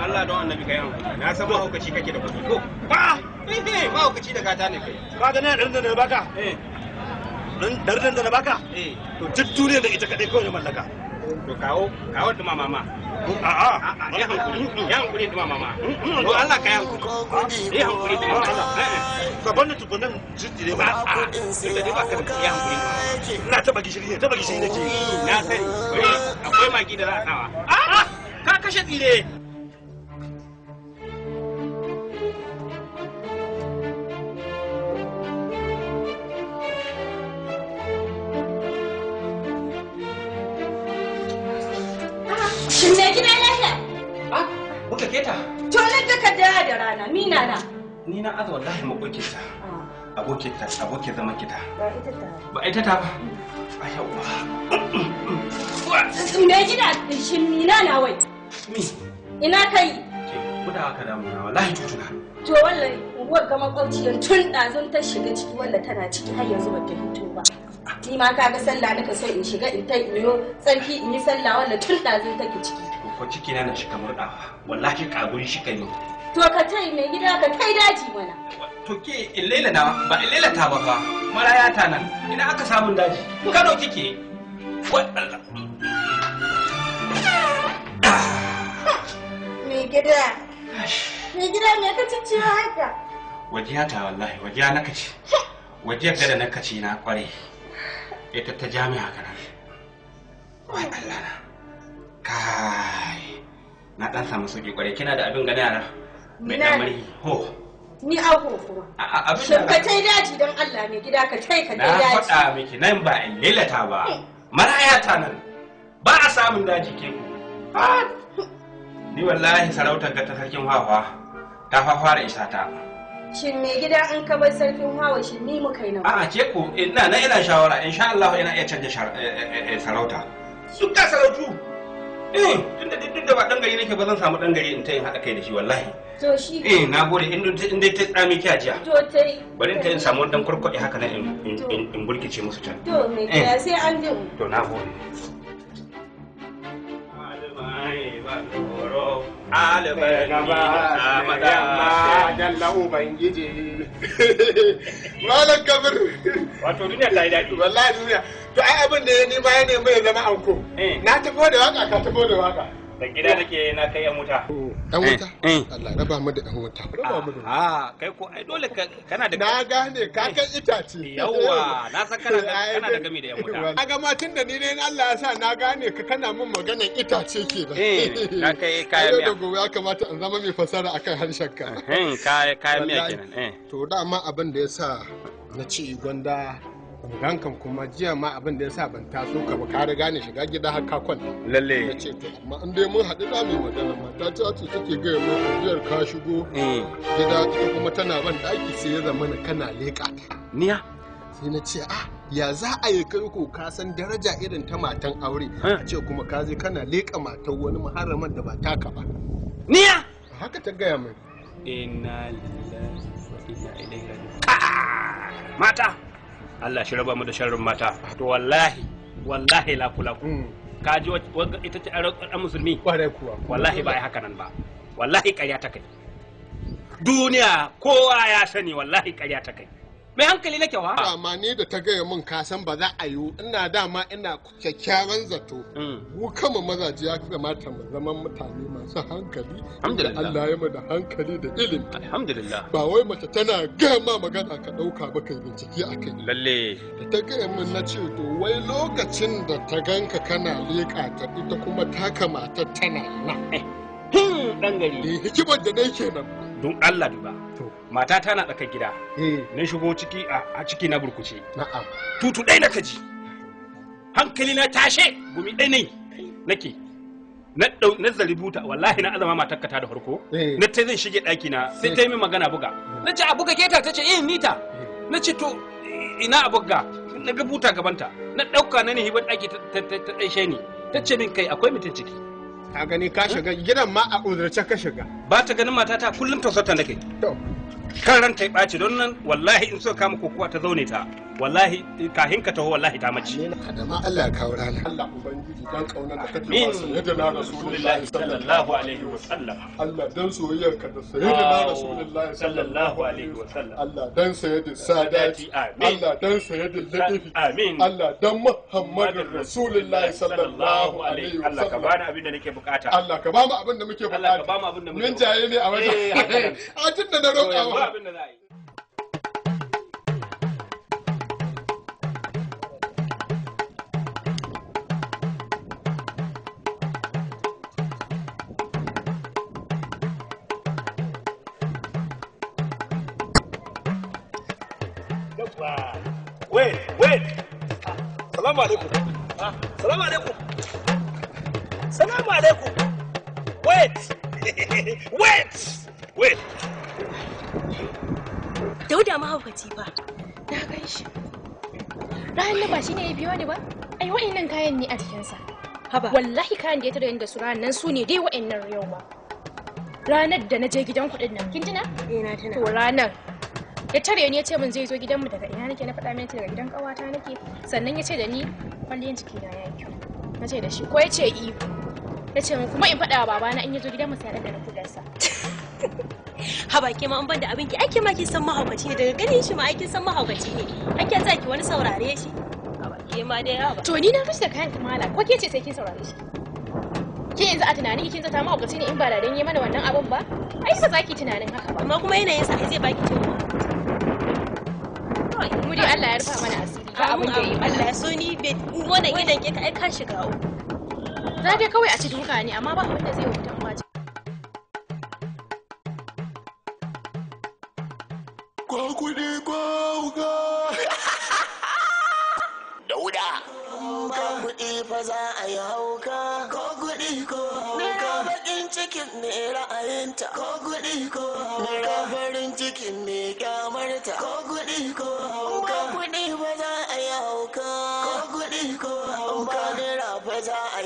Allah don annabi ka yawo na san mahaukaci kake da kudi ko ba eh mahaukaci da gata ne kai ba ga naira ɗari da baka eh ɗari da baka eh to duk da ita kadai kawai mallaka to kawo kawo da mama a'a ya hankuri ya hankuri da mama to mm, mm, mm. Allah ka hankuri ya hankuri da mama eh, eh. ka bani tukunan jiddi ne ba a da dai ba ka ya hankuri na taba gishiri ne taba gishiri nake na sani akwai magi da za a sawa a'a ka kashe tsire da rana ni na ni na aza wallahi makokin sa ah. abokin ta abokin zaman kita ba ita ta ba ita ta ba a yawa mm. gida shin ni na na wai mi ina kai kuda ka da mun wallahi tutuna to wallahi unguwar ga makwabciyar tun ɗazun ta shiga ciki wanda tana ciki har yanzu bata fito ba ni ma ka ga sallah nika so in shiga in ta iyo tsarki in yi sallah wanda tun ɗazun take ciki ko ciki na na shiga murɗawa wallahi kagun shi kai To ka tai mai gida ka kai daji mana. To ke illela na ba illela ta ba fa maraya ta nan ina aka samun daji Kano kike. Mai gida. Mai gida me ka cicciyo haka? Wajiya ta wallahi wajiya na kaci. Wajiyar gada na kaci na kware. Ita ta jami'a kana. Wai Allah na. Kai. na dan samu sauki kware kina da abin gane yara mai damari ho ni agon kuma shin ka tai daji don Allah mai gida ka tai ka tai daji na faɗa miki nan ba in lilata ba hmm. maraya ta nan ba a samun daji ke ku ni wallahi sarautar ga ta sarkin hawa ta fa fara isa ta Shin mai gida an ka bar sarkin hawa shin ni mu kai nawa? A'a ke ko ina na ina shawara insha Allah ina iya canja eh, eh, eh, sarauta. Su sarautu. eh tunda duk da ba dan gari nake ba zan samu dan gari in ta yin hada kai da shi wallahi to shi eh na gode in dai ta tsami kiya jiya to tai bari ta yin samu dan kurkudi haka na in in burkice musu can to me eh. sai an to na gode Alibar na malam kabir wato duniya ta yi daɗi wallahi duniya to ai abin da ya ni ya ne mai zama anko na tafi da waka ka tafi da waka da gida nake na kai yan wuta yan wuta eh, eh. Allah raba mu da yan wuta raba mu da a ah, kai ko ai dole kana da na gane ka kan itace yawa na san kana kana da gami da yan (laughs) wuta kaga ga tun da ni ne Allah ya sa na gane ka kana min magana itace ke ba. eh na (laughs) kai kayan miya da gobe ya kamata in zama mai fasara akan harshen ka eh kayan miya kenan eh to dama abin da ya sa na ci gwanda gankan kuma jiya ma abin da ya sa ban taso ka ba ka riga shiga gida har ka kwanta lalle ya ce to amma in dai mun haɗu zamu yi magana mata ta ce take gaya min jiyar ka shigo eh. gida ita kuma tana ban ɗaki sai ya zama kana leƙa ta niya sai na ce ah ya za a yi kai ko ka san daraja irin ta matan aure a ce kuma ka je kana leƙa matan wani muharraman da ba taka ba niya haka ta gaya min inna lillahi wa inna ilaihi raji'un mata Allah shi raba mu da sharrin mata to wallahi wallahi la kula ku mm. ka ji ita ce an musulmi kuwa wallahi ba ai haka nan ba wallahi ƙarya ta kai duniya kowa ya sani wallahi ƙarya ta kai mai hankali nake wa amma ne da ta gaya min kasan ba za a yi ina dama ina kyakkyawan zato mm. mu kama mazaje ya kamata mu zaman mutane masu hankali alhamdulillah Allah ya mada hankali da ilimi alhamdulillah ba wai mace tana gama magana ka dauka ba kai bincike a kai lalle da ta gaya min na ce to wai lokacin da ta ganka kana leka ta ita kuma taka matar tana nan dan eh, hmm, gari eh, hikimar da nake nan. don Allah duba mata ta na tsakar gida eh. na shigo ciki a ciki na burkuce tutu ɗai na kaji hankali na tashe gumi ɗai ne nake na zari buta wallahi na azama matar ta da farko eh. na ta zan shige ɗaki na sai ta yi min magana buga hmm. na ce a buga keta ta ce eh nita hmm. na ce to ina a buga na ga buta gabanta na ɗauka na ne hibar ɗaki ta ɗaishe ni ta ce min kai akwai mutum ciki ka gani ka shiga gidan ma a udurce ka shiga ba ta ganin matata kullum tausarta nake to kan ran ta ɓaci don nan wallahi in suka kama kokowa ta zaune ta wallahi kahin ka taho wallahi ta mace da Allah ya kawo rana Allah ubangiji dan kauna da kake ba na rasulullahi sallallahu alaihi wa sallam Allah dan soyayyar ka da sayyidina rasulullahi sallallahu alaihi wa sallam Allah dan sayyidin sadati amin Allah dan sayyidin ladifi amin Allah dan muhammadin rasulullahi sallallahu alaihi wa sallam Allah ka bani abin da nake bukata Allah ka ba mu abin da muke bukata Allah ka ba mu abin da muke bukata min jaye ne a wajen eh, (laughs) a tunda na roƙa ba abin da za a yi wait wait alaikum alaikum alaikum wait (laughs) wait lokaci ba na gan shi ranar ba shi ne ya biyo ni ba ai wa'annan kayan ne a jikinsa haba wallahi kayan da ya tada da su ranar su ne dai wa'annan yau ba ranar da na je gidan kuɗin nan kin tuna eh na tuna to ranar ya tare ni ya ce min zai zo gidanmu daga ina nake na faɗa miki daga gidan ƙawata nake sannan ya ce da ni kwalliyan jiki na ya kyau na ce da shi ko ya ce i ya ce kuma in faɗa wa babana in ya zo gidanmu sai ya ɗaga na kudarsa haba ke ma an banda abin ki ake ma kin san mahaukaci ne daga ganin shi ma kin san mahaukaci ne ake za ki wani saurare shi haba ke ma dai haba to ni na fushi da kayan kamala ko ke ce sai kin saurare shi ke yanzu a tunanin kin zata mahaukaci ne in ba da dan yi mana wannan abin ba ai ba za ki tunanin haka ba amma kuma yanayin sa zai baki cewa mu dai Allah ya rufa mana asiri ba abin da yi Allah ya so ni wannan gidan ke ka ai ka shiga za dai kawai a ci duka ne amma ba abin da zai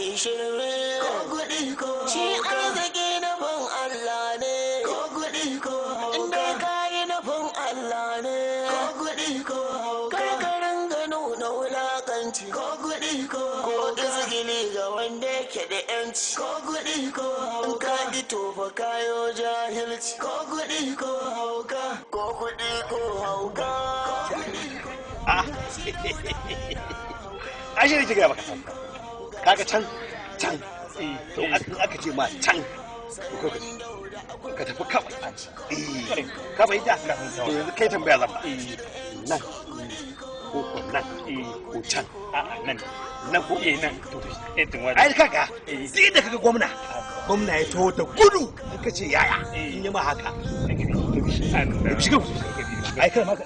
yi shirme ko kuɗi ko shi arziki nufin Allah ne ko kuɗi ko inda ka yi na nufin Allah ne ko kuɗi ko karkarin gano na wulakanci ko kuɗi ko ko izgili ga wanda yake da yanci ko kuɗi ko ka ji tofa kayo jahilci ko kuɗi ko hauka ko kuɗi ko hauka ashe ah. da kiga baka san kaga can can eh, to aka ce ma can ko ka ka tafi kawai ka bai da eh, yanzu kai tambaya zan eh. nan ko ko nan ko can nan nan ko eh nan to eh tun wani ai kaga sai da kaga gwamna gwamna ya taho da gudu aka ce yaya in yi ma haka ai kada ma ka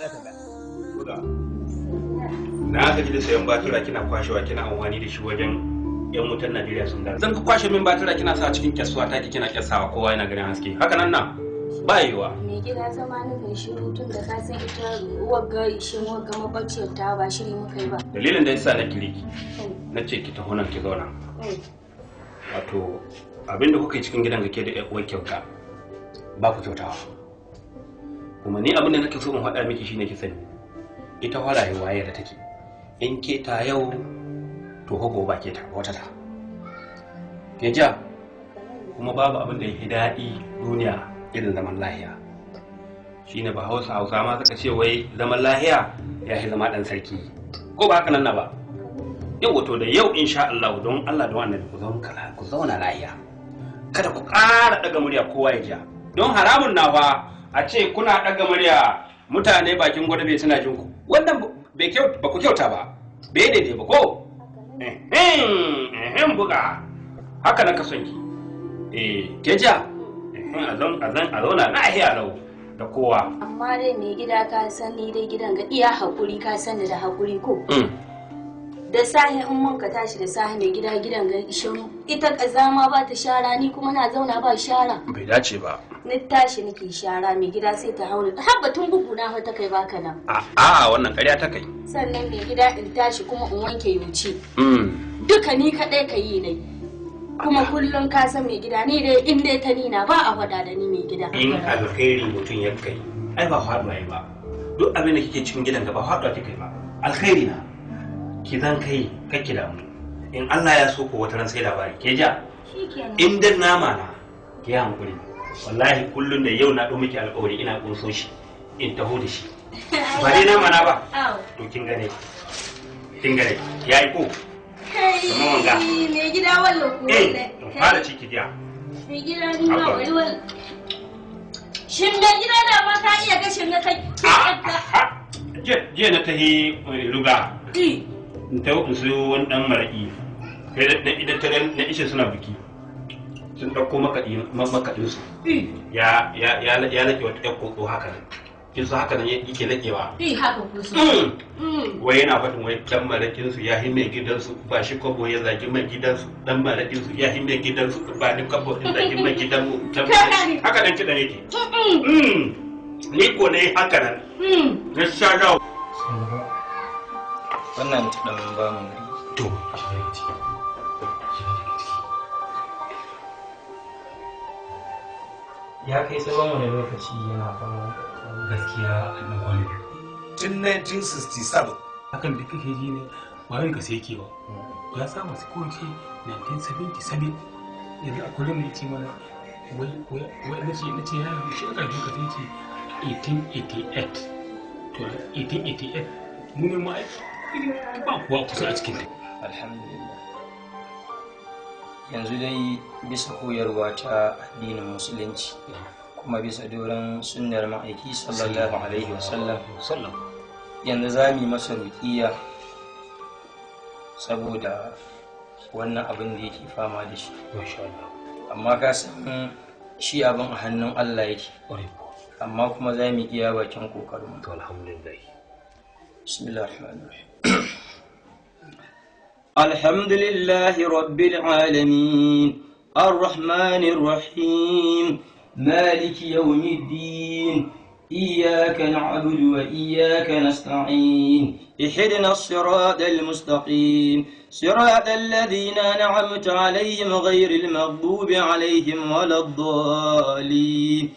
na aka ji da sayan batura kina kwashewa kina amfani da shi wajen yan wutan najeriya sun gara. zan ka kwashe min ba batira kina sa cikin kyasuwa ta kina kyasawa kowa yana ganin haske haka nan na ba yiwa me gida zama ni mai shiru tun da ka san ita wagga shin ga mabacciyar ta ba shiri muka yi ba dalilin da yasa na kiriki na ce ki taho nan ki zauna wato da kuka yi cikin gidan kake da uwar kyauta ba ku kyautawa kuma ni abin da nake so in faɗa miki shine ki sani ita yi waye yadda take in ke ta yau to ko gobe ke ta wata ta ke ja kuma babu abin da ya daɗi duniya irin zaman lahiya shine ba hausa hausa ma suka ce wai zaman lahiya ya fi zama ɗan sarki ko ba haka nan na ba yau wato da yau insha Allah don Allah da wannan ku zauna lahiya kada ku ƙara ɗaga murya kowa ya ja don haramun na fa a ce kuna ɗaga murya mutane bakin gwada bai suna jinku wannan ba ku kyauta ba bai daidai ba ko ehem ehem buga haka na kason eh ke ja a zauna na ahiya lau da kowa amma dai mai gida ka san ni dai gidan ga iya hakuri ka sani da hakuri ko mm. da sahi in mun ka tashi da sahi mai gida gidan ga shiru ita kazama ba ta shara ni kuma na zauna ba shara bai dace ba ni tashi nake shara mai gida sai ta haure har tun bugu na fa ta kai baka nan a a wannan ƙarya ta kai sannan mai gida in tashi kuma in wanke yuci mm. duka ni kadai ka yi dai kuma kullum ka san mai gida ni dai in dai ta nina ba a fada da ni mai gida in alkhairi mutum ya kai ai ba faɗuwa ba duk abin da kike cikin gidan gaba faɗuwa kai ba alkhairi na ki zan kai kake damu in Allah ya so ko wata ran sai labari ke ja in dan nama na ki hankuri wallahi kullun da yau na ɗau miki alƙawari ina ƙunso shi in taho da shi (laughs) ba dai nama na ba to kin gane kin gane ya yi ko kuma wanga me gida wallo ko eh fara ciki jiya me gida ni ma wai wallo shin me gida da ba ta iya gashin na kai jiya na tahi ruga eh, eh. in ta in sayo wani dan maraƙi kai da idan ta gan na ishe suna biki sun ɗauko makaɗin su eh. ya ya ya ya laƙe wata ƴan koko haka nan kin su haka nan yake laƙewa eh haka ku su mm. mm. wai yana faɗin wai dan maraƙin su ya himme gidansu ba shi kwabo ya zagi mai gidansu dan maraƙin su ya himme gidansu ba ni kwabo din zagi mai gidanmu haka nan kidan yake mm. ni ko ne haka nan na sha rawa wannan ta dan ba mu to ya kai tsawon wani lokaci yana fama gaskiya na kwani tun 1967 hakan da kake ji ne bayan ka sai ba hmm. ya samu su kowace 1977 yanzu a kullum ne ce mana wai na ce na ce yana shi a ƙarfin ka sai ce 1888 to 1888 mu ne ma'aiki yanzu dai bisa koyarwa ta addinin musulunci kuma bisa doron sunnar ma'aiki sallallahu alaihi wasallam yanzu za mu yi masa rukiya saboda wannan abin da yake fama da shi amma ka san shi abin a hannun allah yake amma kuma za mu iya bakin kokarin bismillahirrahmanirrahim الحمد لله رب العالمين الرحمن الرحيم مالك يوم الدين إياك نعبد وإياك نستعين إحدنا الصراط المستقيم صراط الذين نعمت عليهم غير المغضوب عليهم ولا الضالين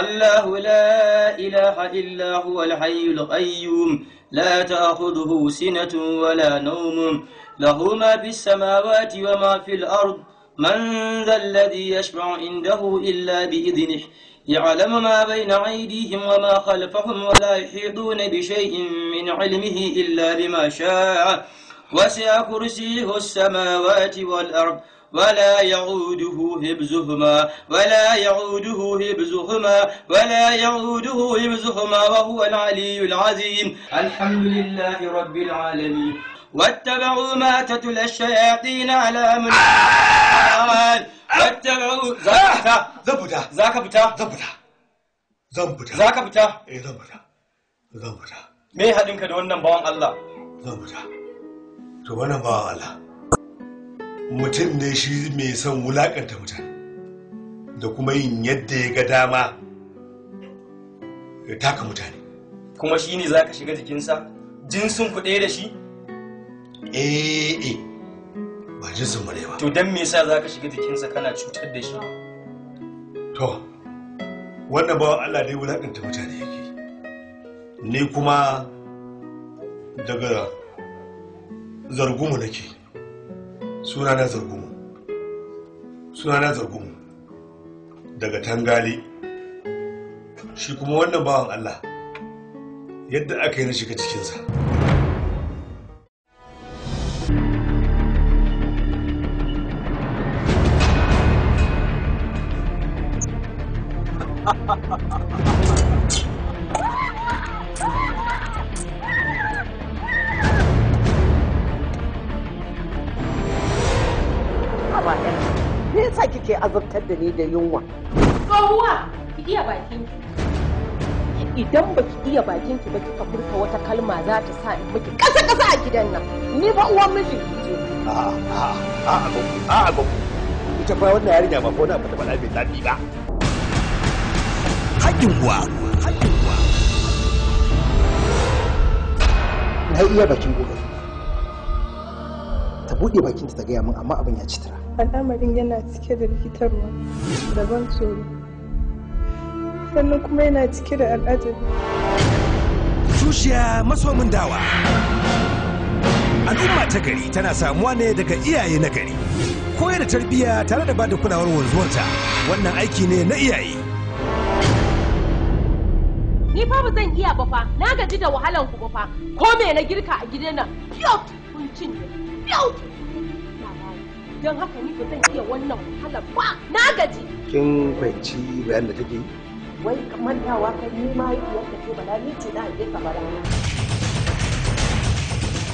الله لا إله إلا هو الحي القيوم لا تأخذه سنة ولا نوم له ما في السماوات وما في الأرض من ذا الذي يشفع عنده إلا بإذنه يعلم ما بين أيديهم وما خلفهم ولا يحيطون بشيء من علمه إلا بما شاء وسع كرسيه السماوات والأرض ولا يعوده حفظهما ولا يعوده حفظهما ولا يعوده حفظهما وهو العلي العظيم الحمد لله رب العالمين واتبعوا ما تتلى الشياطين على من آه! آه! واتبعوا زكبتا آه! زبتا زكبتا زبتا زبتا زكبتا ايه زبتا زبتا me haɗinka da wannan bawan Allah zan fita to wannan bawan Allah mutum ne shi mai son wulakanta mutane da kuma yin yadda ya ga dama ya taka mutane kuma shi ne za ka shiga jikinsa jinsin ku ɗaya da shi eh, eh. ba jinsin ba ba to don me sa za ka shiga jikinsa kana cutar da shi to wannan bawan allah dai wulakanta mutane yake ni kuma daga zargunmu nake suna na zargumu suna na zargumu daga tangali, shi kuma wannan bawan allah yadda aka yi na shiga cikinsa ha ha ha gaba ɗaya. me yasa kike azabtar da ni da yunwa tsohuwa ki iya bakin ki idan ki iya bakin ki ba kika furta wata kalma za ta sa in miki kasa kasa a gidan nan ni ba uwan miji ce a a a a a ita fa wannan yarinya ba ko na fata faɗa bai tsafi ba haƙƙin kuwa. na iya bakin gobe ta buɗe bakinta ta gaya min amma abin ya citira. al'amarin yana cike da rikitarwa da ban tsoro sannan kuma yana cike da al'ajabi tushiya masomin dawa al'umma ta gari tana samuwa ne daga iyaye na gari koyar da tarbiyya tare da bada kulawar wanzuwarta wannan aiki ne na iyaye ni fa ba zan iya ba fa na gaji da wahalan ku ba fa ko me na girka a gidan nan yau kun cinye yau don haka ni ba zan iya wannan wahala ba na gaji kin fahimci bayan da take yi wai kamar yawa kai ni ma yi yadda ce, bala ni ce na haife ka bala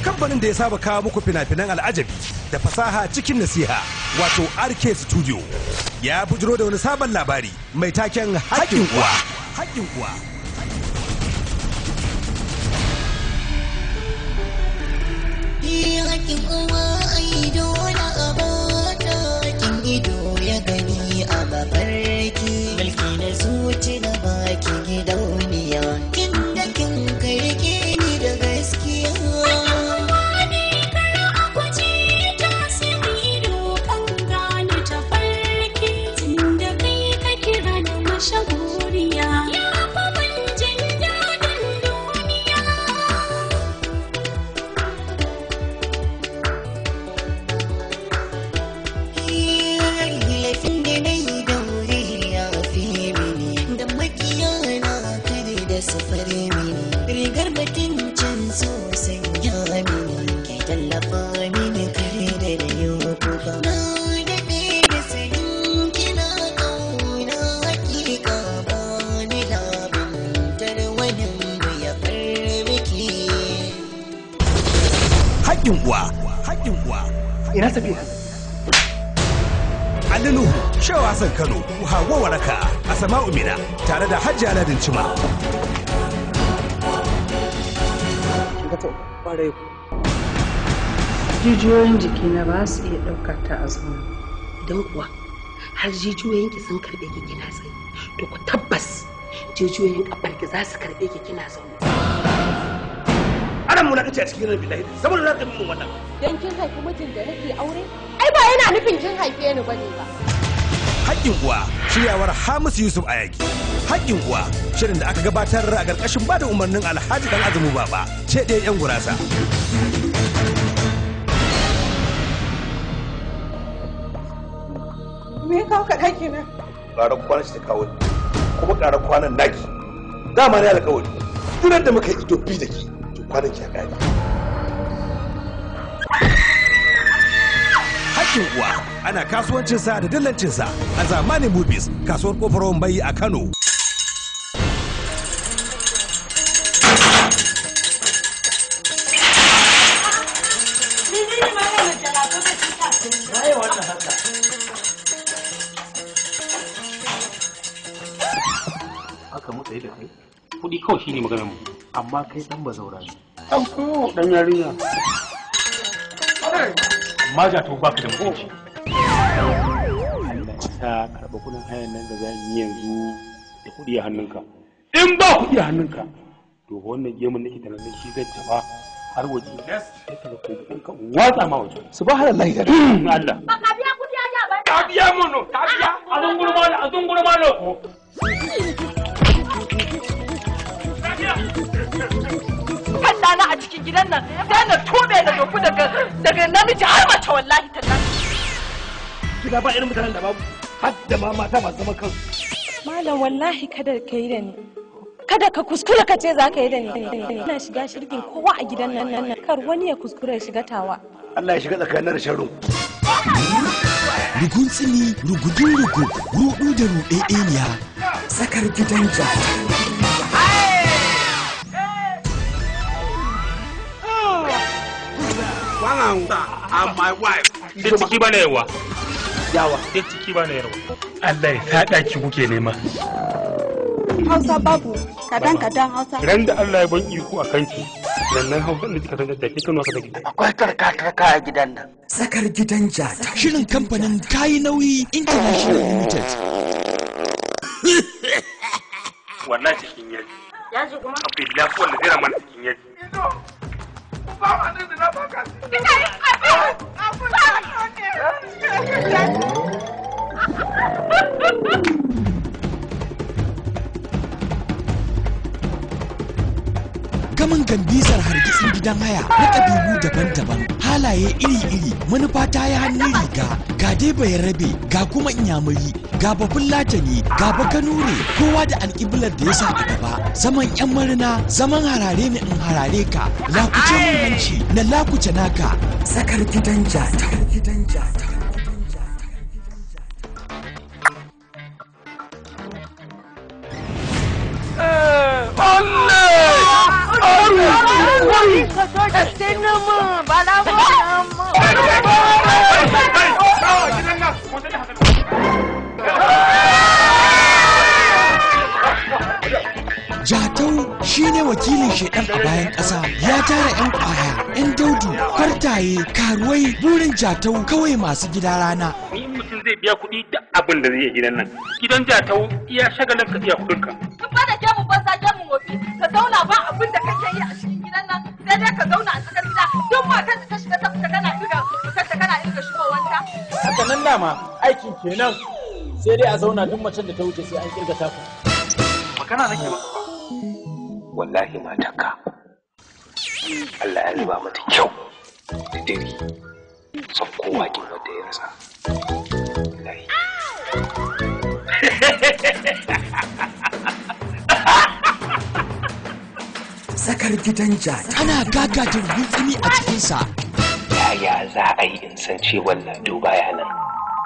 kamfanin da ya saba kawo muku fina-finan al'ajabi da fasaha cikin nasiha wato RK Studio ya bujiro da wani sabon labari mai taken haƙƙin uwa haƙƙin uwa haƙƙin uwa ai dole a sarki ne su zuci na baki gidan haƙƙin uwa haƙƙin uwa ina tafi Alilu Shehu Hassan Kano Hawa Waraka Asama Umina tare da Hajji Aladin Cima jijiyoyin jiki na ba su iya ɗaukar ta a zuwa don kuwa har jijiyoyin ki sun karɓe ki kina tsaye to ku tabbas jijiyoyin ƙafar ki za su karɓe ki kina zaune na kace a cikin rabi lahi saboda na ka min wannan dan kin haifi mijin da nake aure ai ba yana nufin kin haife ni bane ba haƙƙin uwa shiryawar Hamisu Yusuf Ayaki. haƙƙin uwa shirin da aka gabatar a ƙarƙashin bada umarnin Alhaji Dan Azumi Baba ce ɗaya 'yan gurasa me ya kawo ka daki na ƙarar kwanan shi ta kawo kuma ƙarar kwanan naki dama ne alƙawari dunar da muka yi ido bi da ke kwanan ki kare hakkin uwa ana kasuwancinsa da dillancinsa a zamanin movies kasuwar kofar bayi a Kano haka matsayi da kai kuɗi kawai shine maganar mu amma kai dan bazaura ne dan ko dan yarinya amma ja to baka da mutunci oh. Allah ya karba kudin hayan nan da zan yi yanzu da kudi a hannunka in ba kudi a hannunka to wannan gemun nake da nan shi zai taba har waje sai ka ko dan ka watsa ma waje subhanallahi da mm, Allah ba ka biya kudi ka biya mun ka biya azungurmalo kan ɗana a cikin gidan nan sai na tobe da doku daga namiji har mace wallahi ta ɗan gida ba irin mutanen da babu har da ma mata masu zaman kansu malam wallahi kada ka yi da ni kada ka kuskura ka ce za ka yi da ni ina shiga shirgin kowa a gidan nan nan kar wani ya kuskura ya shiga tawa Allah ya shiga tsakanin sharru rugun tsini rugudun rugu rudu da rudedeniya sakar gidan jami'a and my wife. Duk ciki bana yawa. Yawa. Duk ciki bana yawa. Allah ya ta ki kuke nema. Hausa babu kadan kadan Hausa. Ran da Allah ya ban iko a kanki. Nan nan Hausa da kika tantar da ke kano ka take. Akwai karkatarka a gidan nan. Sakar gidan jata. Shirin kamfanin kayi nauyi International Limited. Wannan cikin yaji. Yaji kuma? Abdullahi wanda zai ramar cikin yaji. 你太狠了！我不喜欢你。kamun gambisar hargitsin gidan haya na ƙabilu daban-daban halaye iri-iri manufa ta yi hannun riga ga dai bayan rabe ga kuma inyamuri ga babun latani ga bakanure kowa da alƙiblar da ya sa a gaba zaman yan marina zaman harare ne in harare ka lakuce mun hanci na lakuce naka tsakar gidan jata eh, Jatau shi ne wakilin shaidan a bayan ƙasa ya tara 'yan ƙwaya, 'yan daudu, kwartaye, karuwai, burin jatau kawai masu gida rana. Ni mutum zai biya kuɗi da abin da zai iya gidan nan. Gidan jatau ya shagalin ka iya kuɗinka. ta gemu wofi ka zauna ba abin da kake yi a cikin gidan nan sai dai ka zauna a tsakar gida duk matar da ta shiga ta fita kana shiga fitar ta kana irga shigowanta. haka nan dama aikin kenan sai dai a zauna duk macen da ta wuce sai an kirga taku. magana nake maka ba wallahi matanka Allah ya riba mata kyau da dare sakkowa kin wanda ya rasa. Wallahi. (laughs) tsakar gidan ja tana da gutsumi a cikinsa yaya za a yi in san cewa lado baya nan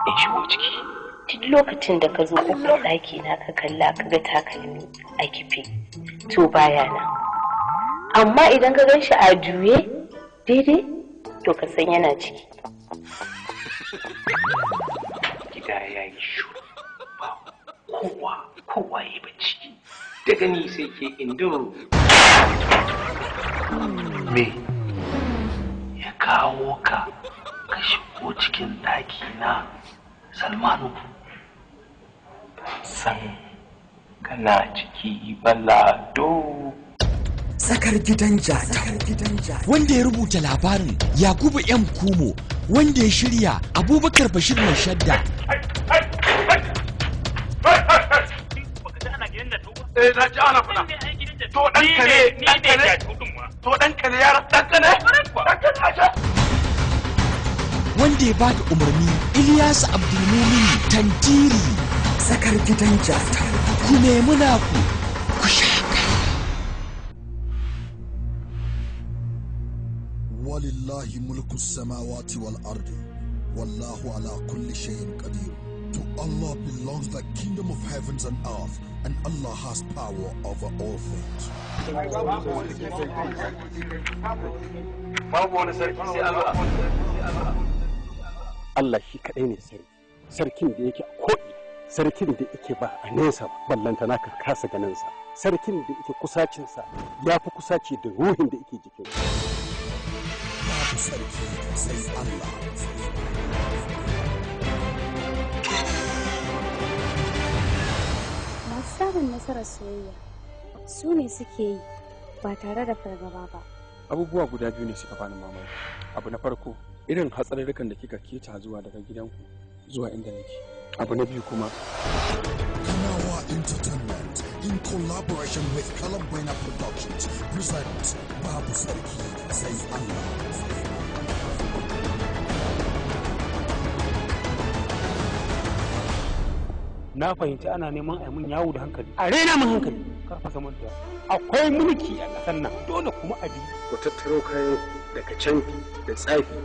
in shigo ciki duk lokacin da ka zo kuma ɗaki na ka kalla ka ga takalmi a kife to baya nan amma idan ka gan shi a juye daidai to ka san yana ciki gida ya yi shuru ba kowa kowa ya yi bacci da gani sai ke indo me ya kawo ka ka shigo cikin ɗaki na salmanu san kana ciki balado Sakar gidan jatau wanda ya rubuta labarin yakubu m kumo wanda ya shirya abubakar bashir mai shadda eh ya dan kare umarni Ilyas Abdulmumin Tantiri sakar gidan jata ku nemi naku ku shaka ولله ملك السماوات والأرض والله على كل شيء قدير To Allah belongs the kingdom of heavens and earth and Allah has power over all things. Allah shi kaɗai ne sarki, sarkin da yake a ko'i, sarkin da yake ba a nesa ballanta na ka kasa ganinsa, sarkin da yake kusacinsa ya fi kusaci da ruhin da yake jikin. Sarki sai Allah. tsarin nasarar soyayya su ne suke yi ba tare da fargaba ba abubuwa guda biyu ne suka bani mamaki abu na farko irin hatsarurrukan da kika keta zuwa daga gidanku zuwa inda nake abu na biyu kuma Kanawa Entertainment in collaboration with Kalabwena Productions present Babu Sarki Sai Allah na fahimci ana neman a mun yawo da hankali a rena mun hankali ka zaman da akwai mulki a ƙasar nan dole kuma a bi ku tattaro kayan daga can da tsafi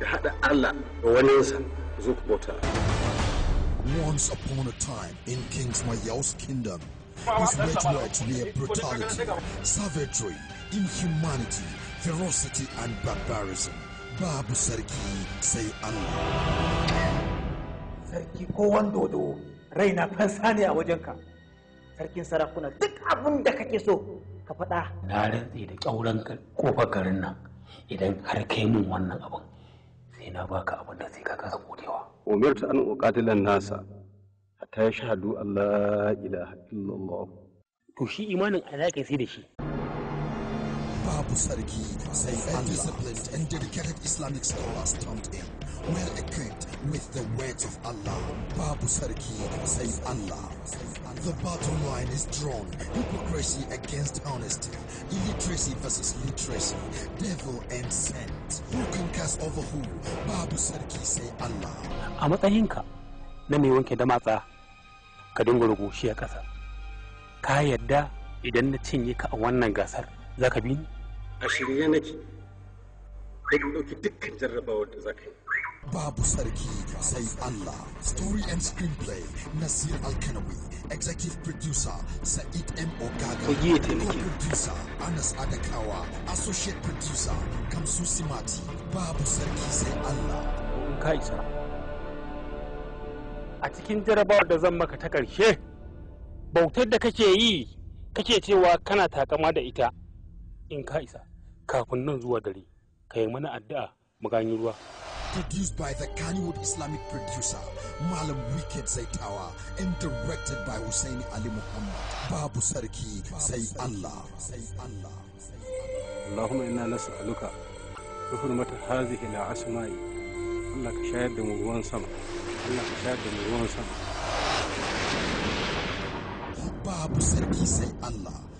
da hada Allah da wani waninsa zo ku bauta Once upon a time in King's Mayao's kingdom, his wet words near brutality, savagery, inhumanity, ferocity, and barbarism. Babu sarki sai Allah. Sarki ko wando raina fansa ne a wajenka sarkin sarakuna duk abin da kake so ka faɗa na rantse da ƙyauren kofar garin nan idan har kai mun wannan abin sai na baka abin da sai ka kasa godewa ta an uqatilan nasa hatta yashhadu alla ilaha illallah to shi imanin alaƙa sai da shi babu sarki sai undisciplined and dedicated islamic scholars turned in well equipped with the words of Allah. Babu Sarki says Allah. The battle line is drawn. Hypocrisy against honesty. Illiteracy versus literacy. Devil and saint. Who can cast over who? Babu Sarki say Allah. A matsayinka na mai wanke da matsa ka dinga rubushi a ƙasa. Ka yadda idan na cinye ka a wannan gasar za ka bi ni? A shirye nake. Ka ɗauki dukkan jarrabawar da za ka yi. Babu Sarki sai Allah. Story and screenplay Nasir Alkanawi. Executive producer Sa'id M. Ogaga. Co-producer Anas Adakawa. Associate producer Kamsu Simati. Babu Sarki sai Allah. Ka isa. A cikin jarabawar da zan maka ta ƙarshe, bautar da kake yi kake cewa kana takama da ita in ka isa kafin nan zuwa dare ka yi mana addu'a mu gani ruwa. produced by the Kannywood Islamic producer Malam Wicked Zaitawa and directed by Hussein Ali Muhammad. Babu Sarki sai Allah. Allahumma inna nas'aluka bi hurmati hadhihi al-asma'i. Allah ka shayar da sama. Allah ka shayar da mu sama. Babu Sarki sai Allah.